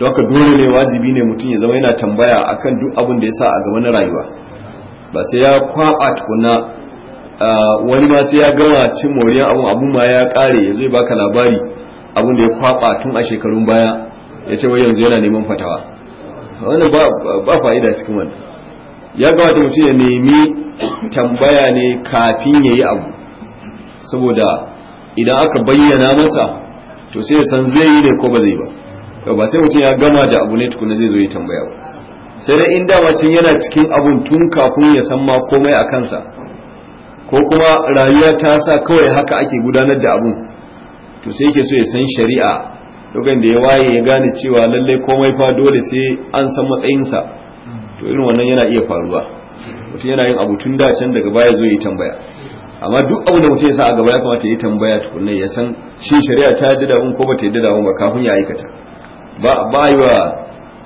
don haka dole ne wajibi ne mutum ya zama yana tambaya akan duk abin da ya sa a gaba na rayuwa ba sai ya kwaba tukuna wani ma sai ya gama cin moriyar abun abun ma ya kare ya zai baka labari abun da ya kwaba tun a shekarun baya ya ce wai yanzu yana neman fatawa wannan ba fa'ida cikin wannan ya da mutum ya nemi tambaya ne kafin ya yi abu saboda idan aka bayyana masa to sai ya san zai yi ne ko ba zai ba yau ba sai mutum ya gama da abu ne tukuna zai zo ya tambaya ba sai dai in dama yana cikin abun tun kafin ya san ma komai a kansa ko kuma rayuwa ta sa kawai haka ake gudanar da abun to sai yake so ya san shari'a lokacin da ya waye ya gane cewa lallai komai fa dole sai an san matsayinsa to irin wannan yana iya faruwa mutum yana yin abu tun da can daga baya zo yi tambaya amma duk abin da mutum ya sa a gaba ya kamata ya tambaya tukunna ya san shi shari'a ta yi da ko ba ta yi da ba kafin ya aikata ba ba yi wa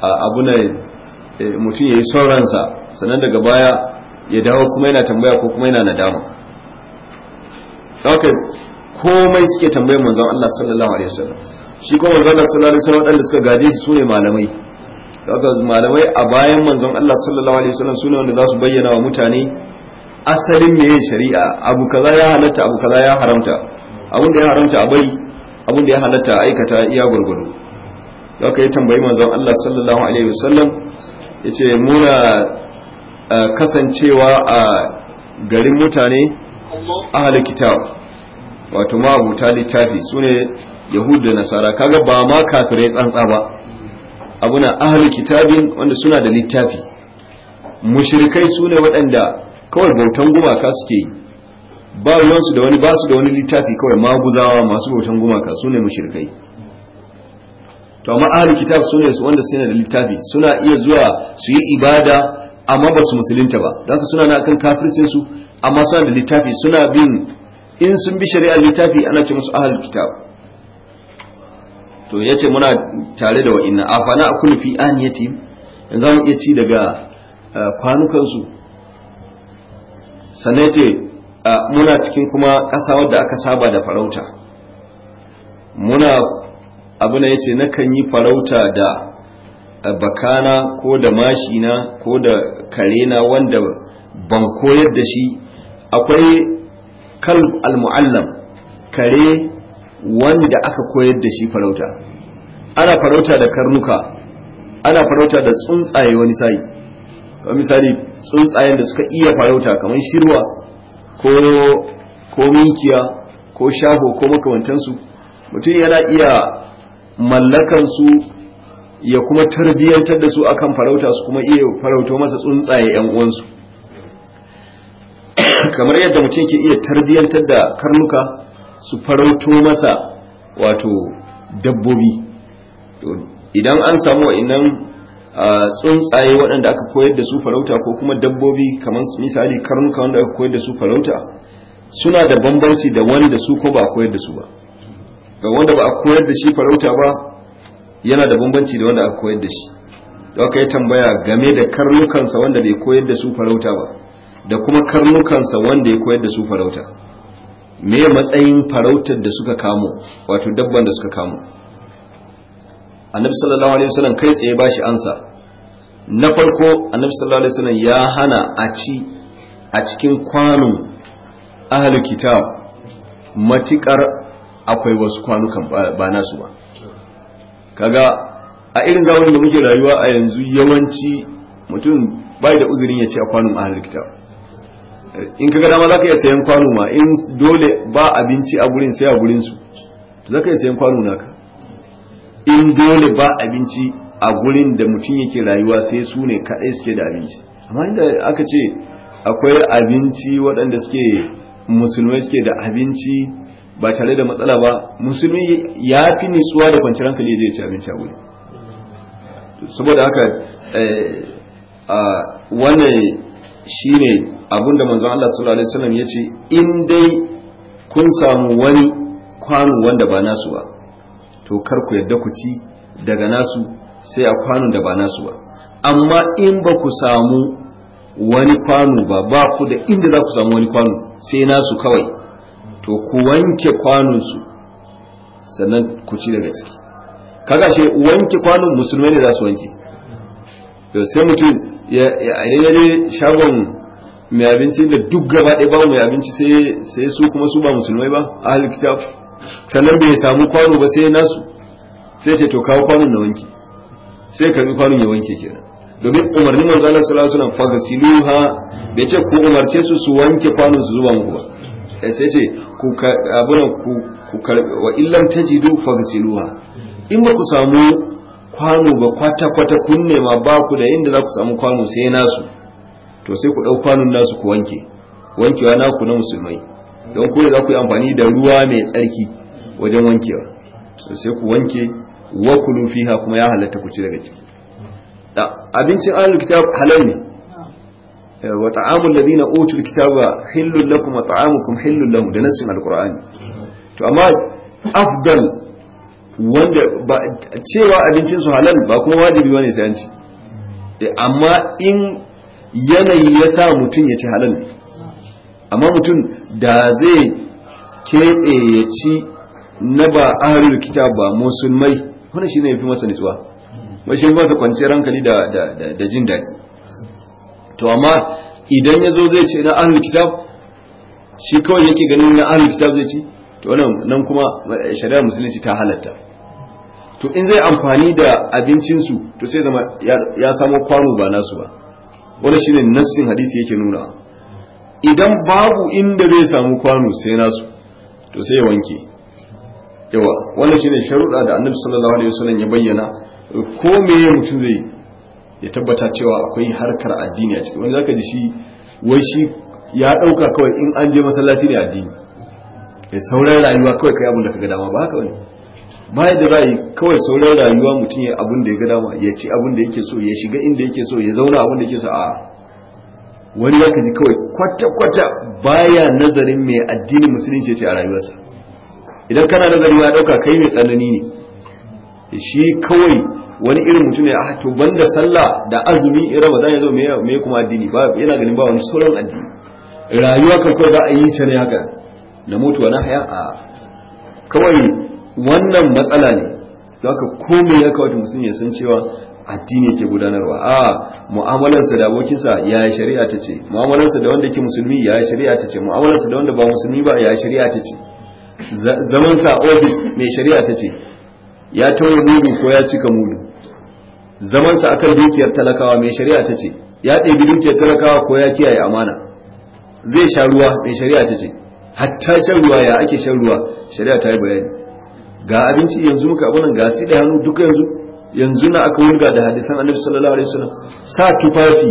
abu na e, mutum ya yi sauransa sannan daga baya ya dawo kuma yana tambaya ko kuma yana nadama haka komai suke tambayar manzon Allah sallallahu alaihi wasallam shi kuma manzon Allah sallallahu alaihi wasallam wadanda suka gaje su ne malamai haka malamai a bayan manzon Allah sallallahu alaihi wasallam sune wanda za su bayyana wa mutane asalin yin shari'a abu kaza ya halatta abu kaza ya haramta abun da ya haramta a bari da ya halatta a aikata iya gurgudu za ka yi tambayi manzon Allah sallallahu alaihi wasallam yace ce muna kasancewa a garin mutane ahli kitab wato ma abu littafi tafi sune yahud da nasara kaga ba ma kafirai tsantsa ba abuna ahli kitabin wanda suna da littafi mushrikai sune waɗanda kawai bautan gumaka suke yi ba ruwansu da wani basu da wani littafi kawai maguzawa masu bautan gumaka su ne mushrikai to amma ahli kitab su ne wanda suna da littafi suna iya zuwa su yi ibada amma ba su musulunta ba don suna na kan kafircin su amma suna da littafi suna bin in sun bi shari'ar littafi ana ce musu ahli kitab to yace muna tare da wa'inna afana akulu fi aniyatim za mu iya ci daga eh, su. sannan ce muna cikin kuma ƙasa wadda aka saba da farauta muna abu na yace nakan yi farauta da bakana ko da mashina ko da karena wanda ban koyar da shi akwai kal al kare wanda aka koyar da shi farauta ana farauta da karnuka ana farauta da tsuntsaye wani sai misali tsuntsayen da suka iya farauta kamar shirwa ko ko minkiya ko shago ko makamantansu mutum yana iya mallakar su ya kuma tarbiyyantar da su akan farauta su kuma iya farauto masa tsuntsaye yan uwansu kamar yadda mutum ke iya tarbiyyantar da karnuka su farauto masa wato dabbobi idan an samu wa'innan tsuntsaye waɗanda aka koyar da su farauta ko kuma dabbobi kamar misali karnuka wanda aka koyar da su farauta suna da bambanci da wanda su ko ba a koyar da su ba ga wanda ba a koyar da shi farauta ba yana da bambanci da wanda aka koyar da shi da aka yi tambaya game da karnukansa wanda bai koyar da su farauta ba da kuma karnukansa wanda ya koyar da su farauta me matsayin farautar da suka kamo wato dabban da suka kamo annabi sallallahu alaihi wasallam kai tsaye ba shi ansa na farko annabi sallallahu alaihi wasallam ya hana a ci a cikin kwanon ahlul kitab matikar akwai wasu kwanukan ba nasu ba kaga a irin zamanin da muke rayuwa a yanzu yawanci mutum bai da uzurin ya ci a kwanon ahlul kitab in kaga dama zaka iya sayan kwano ma in dole ba abinci a gurin sai a gurin su zaka iya sayan kwano naka in dole ba abinci a gurin da mutum yake rayuwa sai su ne kaɗai suke da abinci amma inda aka ce akwai abinci waɗanda suke musulmai suke da abinci ba tare da matsala ba musulmi ya fi nitsuwa da kwanciyar hankali zai ci abinci a wuri saboda haka eh, wannan ne abinda manzon Allah sallallahu alaihi wasallam ya ce in dai kun samu wani kwano wanda ba nasu ba to kar ku yadda ku ci daga nasu sai a kwanon da ba nasu ba amma in ba ku samu wani kwano ba ba ku da inda za ku samu wani kwano sai nasu kawai to ku wanke kwanonsu sannan ku ci daga ciki kaga shi wanke kwanon musulmai ne za su wanke to sai mutum ya shagon mai abinci da duk gaba ɗaya ba mai abinci sai su kuma su ba musulmai ba ahal kitab sannan bai samu kwano ba sai nasu sai ce to kawo kwanon na wanke. sai karbi kwanon ya wanke kenan domin umarnin manzo Allah sallallahu alaihi wasallam fagasiluha bai ce ku umarce su su wanke kwanon su zuba muku ba eh, sai ce ku abuna ku ku wa illam tajidu fagasiluha in ba ku samu kwano ba kwata kwata kunne ma ba ku da inda za ku samu kwano sai nasu to sai ku dau kwanon nasu ku wanke wankewa ku na musulmai don kuma za ku yi amfani da ruwa mai tsarki wajen wankewa sai ku wanke wa kulu fiha kuma ya halatta ku ci daga ciki abincin ahlul kitab halal ne eh, wa ta'amul ladina utul kitaba hillul lakum wa ta'amukum hillul lahum da nasin alqur'ani to amma afdal wanda ba cewa abincin su halal ba kuma wajibi bane sai an ci eh, amma in yanayi ya sa mutum ya ci halal amma mutum da zai keɓe ya ci na ba ahlul kitab ba musulmai wannan shine yafi masa nutsuwa mai shi masa kwanciyar hankali da da jin daɗi to amma idan yazo zai ce na ahlul kitab shi kawai yake ganin na ahlul kitab zai ci to nan kuma shari'ar musulunci ta halatta to in zai amfani da abincinsu to sai zama ya samo kwano ba nasu ba wani shine nassin hadisi yake nuna idan babu inda zai samu kwano sai nasu to sai ya wanke yawa wannan shine sharuɗa da annabi sallallahu alaihi wasallam ya bayyana ko meye mutum zai ya tabbata cewa akwai harkar addini a ciki wani zaka ji shi wai shi ya ɗauka kawai in an je masallaci ne addini ya sauran rayuwa kawai kai abin da ka ga dama ba haka bane ba da ra'ayi kawai sauran rayuwa mutum ya abin da ya ga dama ya ci abin da yake so ya shiga inda yake so ya zauna abin da yake so a wani zaka ji kawai kwata kwata baya nazarin mai addinin musulunci ce a rayuwarsa idan kana nazari ya dauka kai mai tsanani ne shi kawai wani irin mutum ne a ah, to banda sallah da azumi in ramadan ya zo me kuma addini ba yana ganin ba wani sauran addini rayuwa kan kawai za a yi ta ne haka na mutu wani haya a kawai wannan matsala ne don haka komai ya kawata mutum ya san cewa addini yake gudanarwa a mu'amalarsa da abokinsa ya shari'a ta ce mu'amalarsa da wanda ke musulmi ya shari'a ta ce mu'amalarsa da wanda ba musulmi ba ya shari'a ta ce zaman sa ofis mai shari'a ta ce ya tauye mudu ko ya cika mudu zaman sa akan dukiyar talakawa mai shari'a ta ce ya ɗebi dukiyar talakawa ko ya kiyaye amana zai sha ruwa mai shari'a ta ce hatta shan ruwa ya ake shan ruwa shari'a ta yi bayani ga abinci yanzu muka abunan ga su da hannu duka yanzu yanzu na aka wurga da hadisan annabi sallallahu alaihi wasallam sa tufafi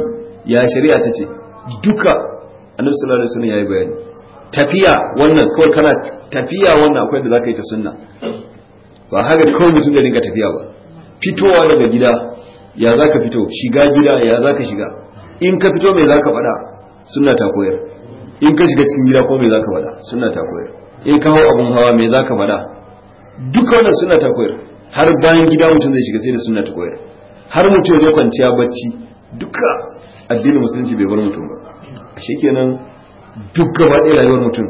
ya shari'a ta ce duka annabi sallallahu alaihi wasallam ya yi bayani tafiya wannan kawai kana tafiya wannan akwai da zaka yi ta sunna ba haka kawai mutum zai dinga tafiya ba fitowa daga gida ya zaka fito shiga gida ya zaka shiga in ka fito me zaka faɗa sunna ta koyar in ka shiga cikin gida ko me zaka faɗa sunna ta koyar in ka hau abun hawa me zaka faɗa duka wannan sunna ta koyar har bayan gida mutum zai shiga sai da sunna ta koyar har mutum ya kwanciya bacci duka addinin musulunci bai bar mutum ba duk gaba ɗaya rayuwar mutum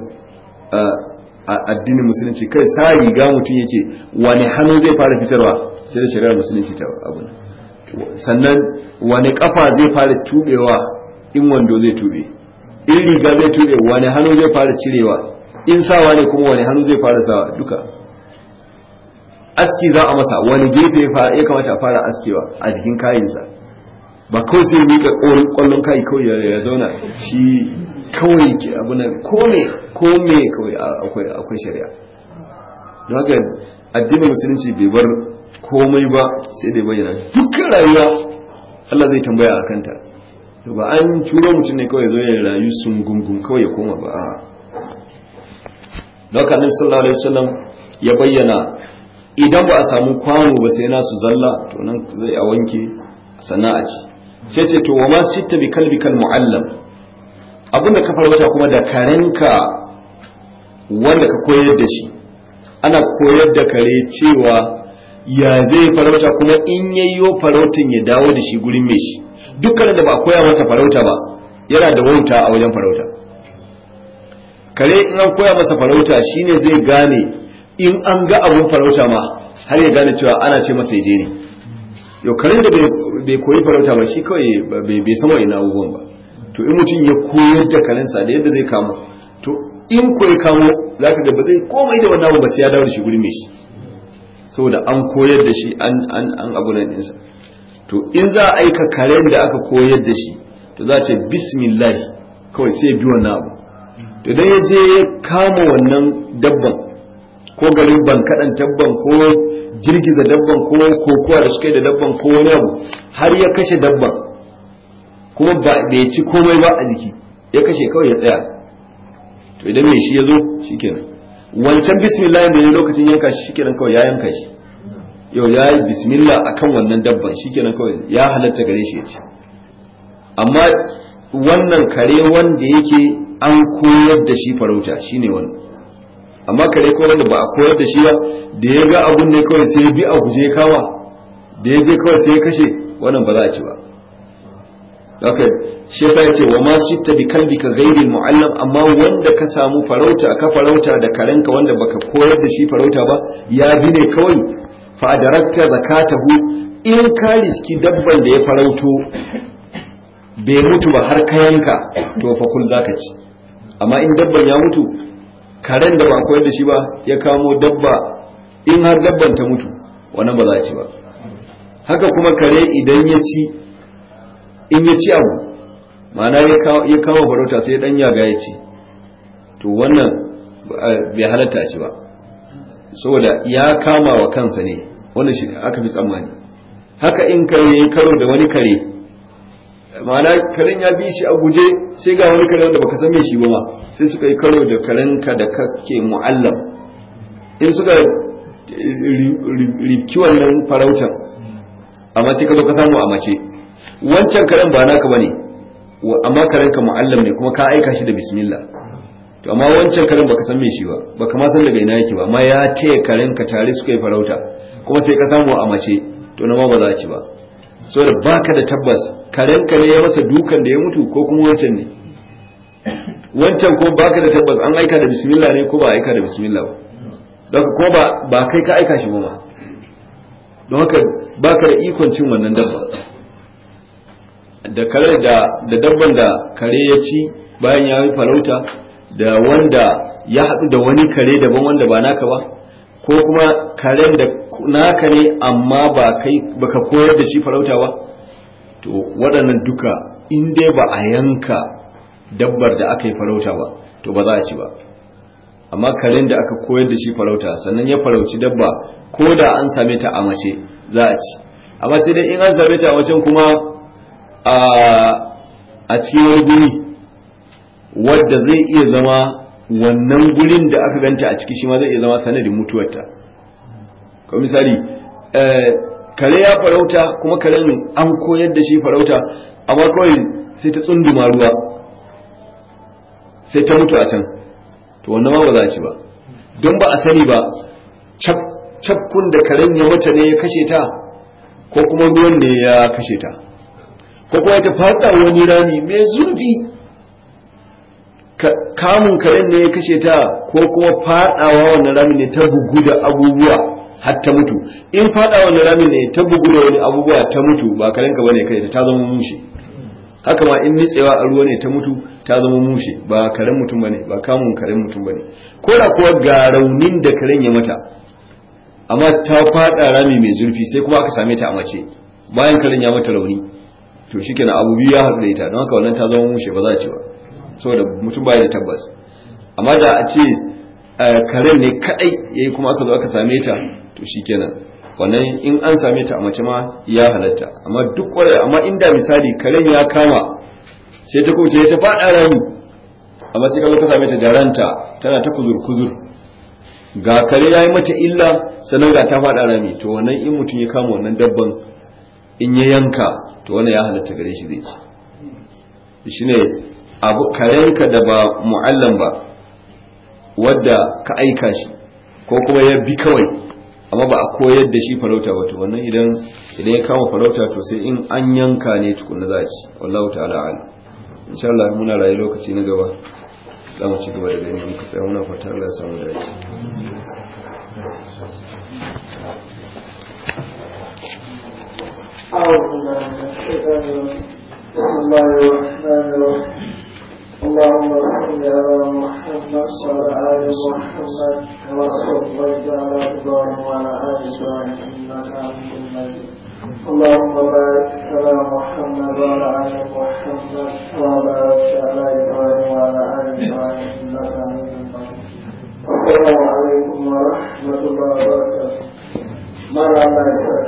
a addinin musulunci kai sa riga mutum yake wani hannu zai fara fitarwa sai da shari'ar musulunci ta abu sannan wani kafa zai fara tubewa in wando zai tube in riga zai tube wani hannu zai fara cirewa in sawa ne kuma wani hannu zai fara sawa duka aski za a masa wani gefe ya kamata a fara askewa a jikin kayansa ba kawai sai mika ƙwallon kai kawai ya zauna shi kawai ke abu kome kome kawai akwai shari'a don haka addinin musulunci bai bar komai ba sai dai bayyana dukkan rayuwa Allah zai tambaya a kanta to ba an turo mutum ne kawai zo ya rayu sun gungun kawai ya koma ba don haka sallallahu alaihi wasallam ya bayyana idan ba a samu kwano ba sai nasu zalla to nan zai a wanke sana'a ce. sai ce to wa ma sitta bi kalbi kal muallam abinda ka farauta kuma da karenka wanda ka koyar da shi ana koyar da kare cewa ya zai farauta kuma in yayyo farautin ya dawo da shi gurin mai shi dukkan da ba a koya masa farauta ba yana da wauta a wajen farauta kare in an koya masa farauta shine zai gane in an ga abun farauta ma har ya gane cewa ana ce masa je ne yau karen da bai koyi farauta ba shi kawai bai san ina abubuwan ba to in mutum ya koyar da karensa da yadda zai kamo to in ko ya kamo za ka gaba zai komai da wannan ba sai ya dawo da shi gurin mai shi saboda an koyar da shi an an abu nan to in za a aika karen da aka koyar da shi to za a ce bismillah kawai sai bi wannan abu to dan ya je ya kama wannan dabban ko garin bankaɗan dabban ko jirgiza dabban ko kokowa da suka da dabban ko wani abu har ya kashe dabban kuma ba da ya ci komai ba a jiki ya kashe kawai ya tsaya to idan mai shi ya zo shi kenan wancan bismillah da ya lokacin yanka shi kenan kawai ya yanka shi yau ya yi bismillah kan wannan dabban Shi kenan kawai ya halatta gare shi ya ci amma wannan kare wanda yake an koyar da shi farauta shine wannan amma kare ko wanda ba a koyar da shi ba da ya ga abun ne kawai sai bi a guje kawa da ya je kawai sai ya kashe wannan ba za a ci ba okay shi yasa yace wa ma sitta bi kalbika ghairi muallam amma wanda ka samu farauta ka farauta da karenka wanda baka koyar da shi farauta ba ya bi ne kawai fa adarakta zakatahu in ka riski dabban da ya farauto bai mutu ba har ka to fa zaka ci amma in dabban ya mutu karen da ba koyar da shi ba ya kamo dabba in har dabban ta mutu wannan ba za a ci ba haka kuma kare idan ya ci in ya ci abu ma'ana ya kama farauta sai dan yaga ya ci to wannan bai halatta ci ba saboda ya kama wa kansa ne wannan shi aka fi tsammani haka in kare ya karo da wani kare ma'ana karen ya bi shi a guje sai ga wani kare da baka san me shi ba ma sai suka yi karo da karen ka da kake mu'allam in suka riki wannan farautar amma sai ka zo ka samu a mace wancan karen ba naka bane amma karen ka mu'allam ne kuma ka aika shi da bismillah to amma wancan karen baka san me shi ba baka ma san daga ina yake ba amma ya taya karen ka tare suka yi farauta kuma sai ka samu a mace to na ma ba za ci ba saboda baka da tabbas karen ka ne ya masa dukan da ya mutu ko kuma wancan ne wancan ko baka da tabbas an aika da bismillah ne ko ba aika da bismillah ba don ko ba ba kai ka aika shi ba ma don haka baka da ikon cin wannan dabba da kare da da dabban da kare ya ci bayan ya yi farauta da wanda ya haɗu da wani kare daban wanda ba naka ba ko kuma kare da naka ne amma ba kai baka koyar da shi farauta ba to waɗannan duka in dai ba a yanka dabbar da aka yi farauta ba to ba za a ci ba amma karen da aka koyar da shi farauta sannan ya farauci dabba ko da an same ta a mace za a ci amma sai dai in an same ta a macen kuma a cikin wani guri wadda zai iya zama wannan gurin da aka ganta a ciki shi ma zai iya zama sanadin mutuwarta kamar misali eh, kare ya farauta kuma karen an koyar da shi farauta amma kawai sai ta tsunduma ruwa sai ta mutu a can to wannan ma ba za a ci ba don ba a sani ba cakkun da karen ya mata ne ya kashe ta ko kuma ruwan ne ya kashe ta ko kuma ta fata wani rami mai zurfi kamun karen ne ya kashe ta ko kuma fadawa wannan rami ne ta bugu da abubuwa har ta mutu in fada wannan rami ne ta bugu da wani abubuwa ta mutu ba karen ka bane kai ta zama mushi haka ma in nitsewa a ruwa ne ta mutu ta zama mushe ba karen mutum bane ba kamun karen mutum bane ko da kuwa ga raunin da karen ya mata amma ta fada rami mai zurfi sai kuma aka same ta a mace bayan karen ya mata rauni to shi kenan abu biyu ya haɗu da ita don haka wannan ta zama mushe ba za a ce ba saboda mutum baya da tabbas amma da a ce eh, karen ne kadai yayi kuma aka zo aka same ta to shi kenan wannan in an same ta a mace ma ya halatta amma duk kwarai amma inda misali karen ya kama sai ta kuce ta faɗa rami amma sai kallo ka same ta da ranta tana ta kuzur kuzur ga kare ya yi mata illa sannan ga ta faɗa rami to wannan in mutum ya kama wannan dabban in ya yanka to wani ya halatta gare shi zai ci ne, abu karenka da ba mu'allan ba wadda ka aika shi ko kuma ya bi kawai amma ba a koyar da shi farauta ba to wannan idan idan ya kama farauta to sai in an yanka ne tukunna za a ci wallahu ta'ala ala insha Allah muna rayu lokaci na gaba za mu ci gaba da ganin muka sai muna fatan Allah ya samu dace بسم الله الرحمن الرحيم اللهم صل على محمد وعلى آل محمد كما صليت على وعلى آل إبراهيم إنك حميد مجيد اللهم بارك على محمد وعلى آل محمد وبارك على إبراهيم وعلى آل إبراهيم إنك حميد مجيد السلام عليكم ورحمة الله وبركاته ما لا يسرك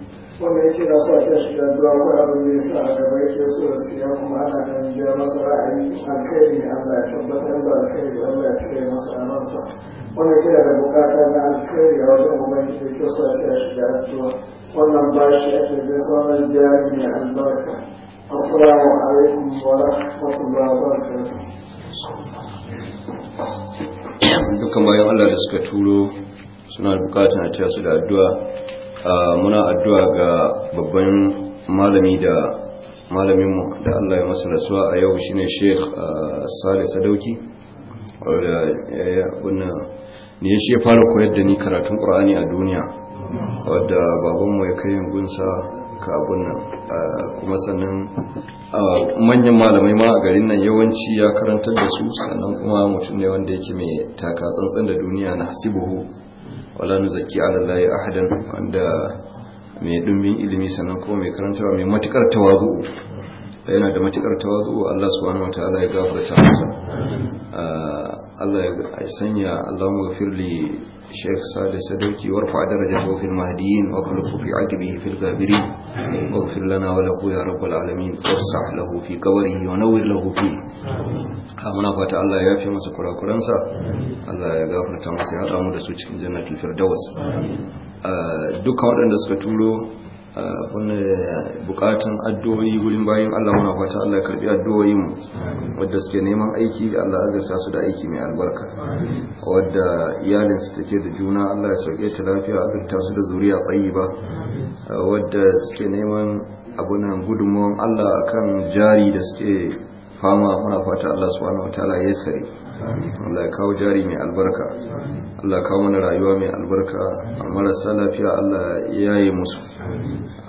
wanda yake da su a ce shiga da duwa ko abin da ya sa a gaba yake so da su yan kuma ana nan jiya masa ra'ayi alkhairi Allah ya tabbatar da alkhairi Allah ya cire masa amansa wanda yake da bukata na alkhairi a wajen ubangiji yake so a ce shiga da duwa wannan ba shi ake da sauran jari mai albarka assalamu alaikum wa rahmatullahi wa barakatuh dukkan bayan Allah da suka turo suna bukatar a su da addu'a muna addu'a ga babban malami da malaminmu da Allah ya masa nasuwa a yau shine Sheikh Sale Sadauki wanda ne ya shi fara koyar da ni karatun Qur'ani a duniya wadda babanmu ya kai gunsa ka abun kuma sannan manyan malamai ma a garin nan yawanci ya karantar da su sannan kuma mutum ne wanda yake mai taka tsantsan da duniya na hasibuhu wala zaki ala layi ahadan wanda mai dumbin ilimi sannan kuma mai karanta mai matukar tawazu yana da matukar tawazu Allah subhanahu wataala ya gafarta masa ah, Allah ya sanya Allahumma firli Sheikh Sadi Sadauki warfa darajahu fil mahdiyyin wa khulqu fi aqibihi fil ghabirin waghfir lana wa lahu ya rabbal alamin wasah lahu fi qabrihi wa nawwir lahu fi amana fata Allah ya yafi masa kurakuransa Allah ya gafarta masa ya hada da su cikin jannatul firdaus ah, duka waɗanda suka turo bukatun addu'o'i gurin bayan Allah muna fata Allah ya karbi addu'o'in mu wadda suke neman aiki Allah azurta su da aiki mai albarka wadda iyalin su take da juna Allah ya sauke ta lafiya azurta su da zuriya tsayi ba wadda suke neman abunan gudunmuwan Allah kan jari da suke fama muna fata Allah subhanahu wataala ya sare Allah ya kawo jari mai albarka Allah ya kawo mana rayuwa mai albarka marasa lafiya Allah ya yi musu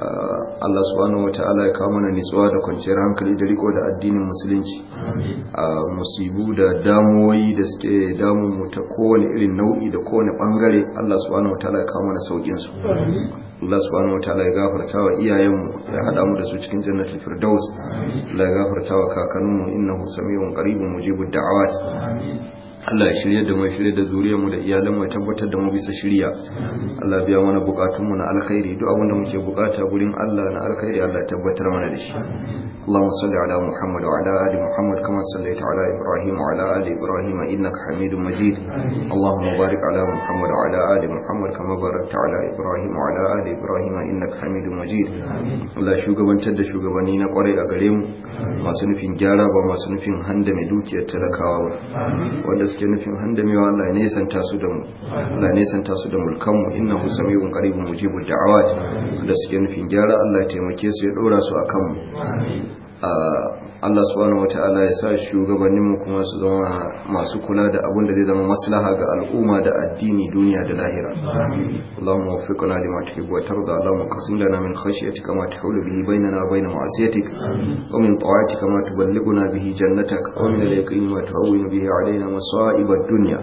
ah, Allah subhanahu wataala ya kawo mana nitsuwa da kwanciyar hankali da riko da addinin musulunci ah, musibu da damuwoyi da suke damun mu ta kowane irin nau'i da kowane bangare Allah subhanahu wataala ya kawo mana saukin su Allah subhanahu wataala ya gafarta wa iyayenmu ya hada mu da su cikin jannatul firdaus Allah ya gafarta wa kakanninmu innahu samiyun qaribun mujibud da'awat amin Allah ya shirya da mu shirya da zuriyar mu da iyalan mu tabbatar da mu bisa shirya Allah biya mana bukatun mu na alkhairi duk abin da muke bukata gurin Allah na alkhairi Allah tabbatar mana da shi Allahumma salli ala Muhammad wa ala ali Muhammad kama sallaita ala Ibrahim wa ala ali Ibrahim innaka Hamidum Majid Allahumma barik ala Muhammad wa ala ali Muhammad kama barakta ala Ibrahim wa ala ali Ibrahim innaka Hamidum Majid Allah shugabantar da shugabanni na kwarai a gare mu masu nufin gyara ba masu nufin handa mai dukiyar talakawa wanda suke nufin handamewa Allah ya nesanta su da mu Allah ya nesanta su da mulkan mu innahu samiyun qaribun mujibud da'awat da suke nufin gyara Allah ya taimake su ya dora su akan mu Allah subhanahu wata'ala ya sa shugabanninmu kuma su zama masu kula da abin da zai zama maslaha ga al'umma da addini duniya da lahira Allahumma waffiqna lima tuhibbu wa tarda Allahumma qasim lana min khashyatika ma tahulu bihi bainana wa bain ma'asiyatik wa min ta'atika ma tuballighuna bihi jannatak wa min al-yaqini ma tuhawwinu bihi alaina masa'ib ad-dunya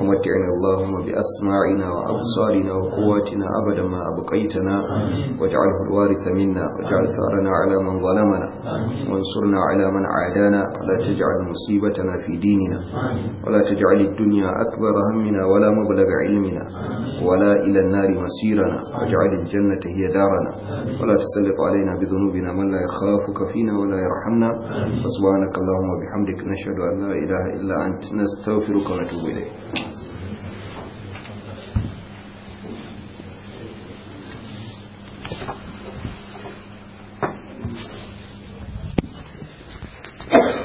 wa mat'ina Allahumma bi asma'ina wa absarina wa quwwatina abadan ma abqaitana waj'alhu al-waritha minna waj'al tharana ala man zalamana وانصرنا على من عادانا ولا تجعل مصيبتنا في ديننا ولا تجعل الدنيا أكبر همنا ولا مبلغ علمنا ولا إلى النار مسيرنا واجعل الجنة هي دارنا ولا تسلط علينا بذنوبنا من لا يخافك فينا ولا يرحمنا سبحانك اللهم وبحمدك نشهد أن لا إله إلا أنت نستغفرك ونتوب إليك Thank you.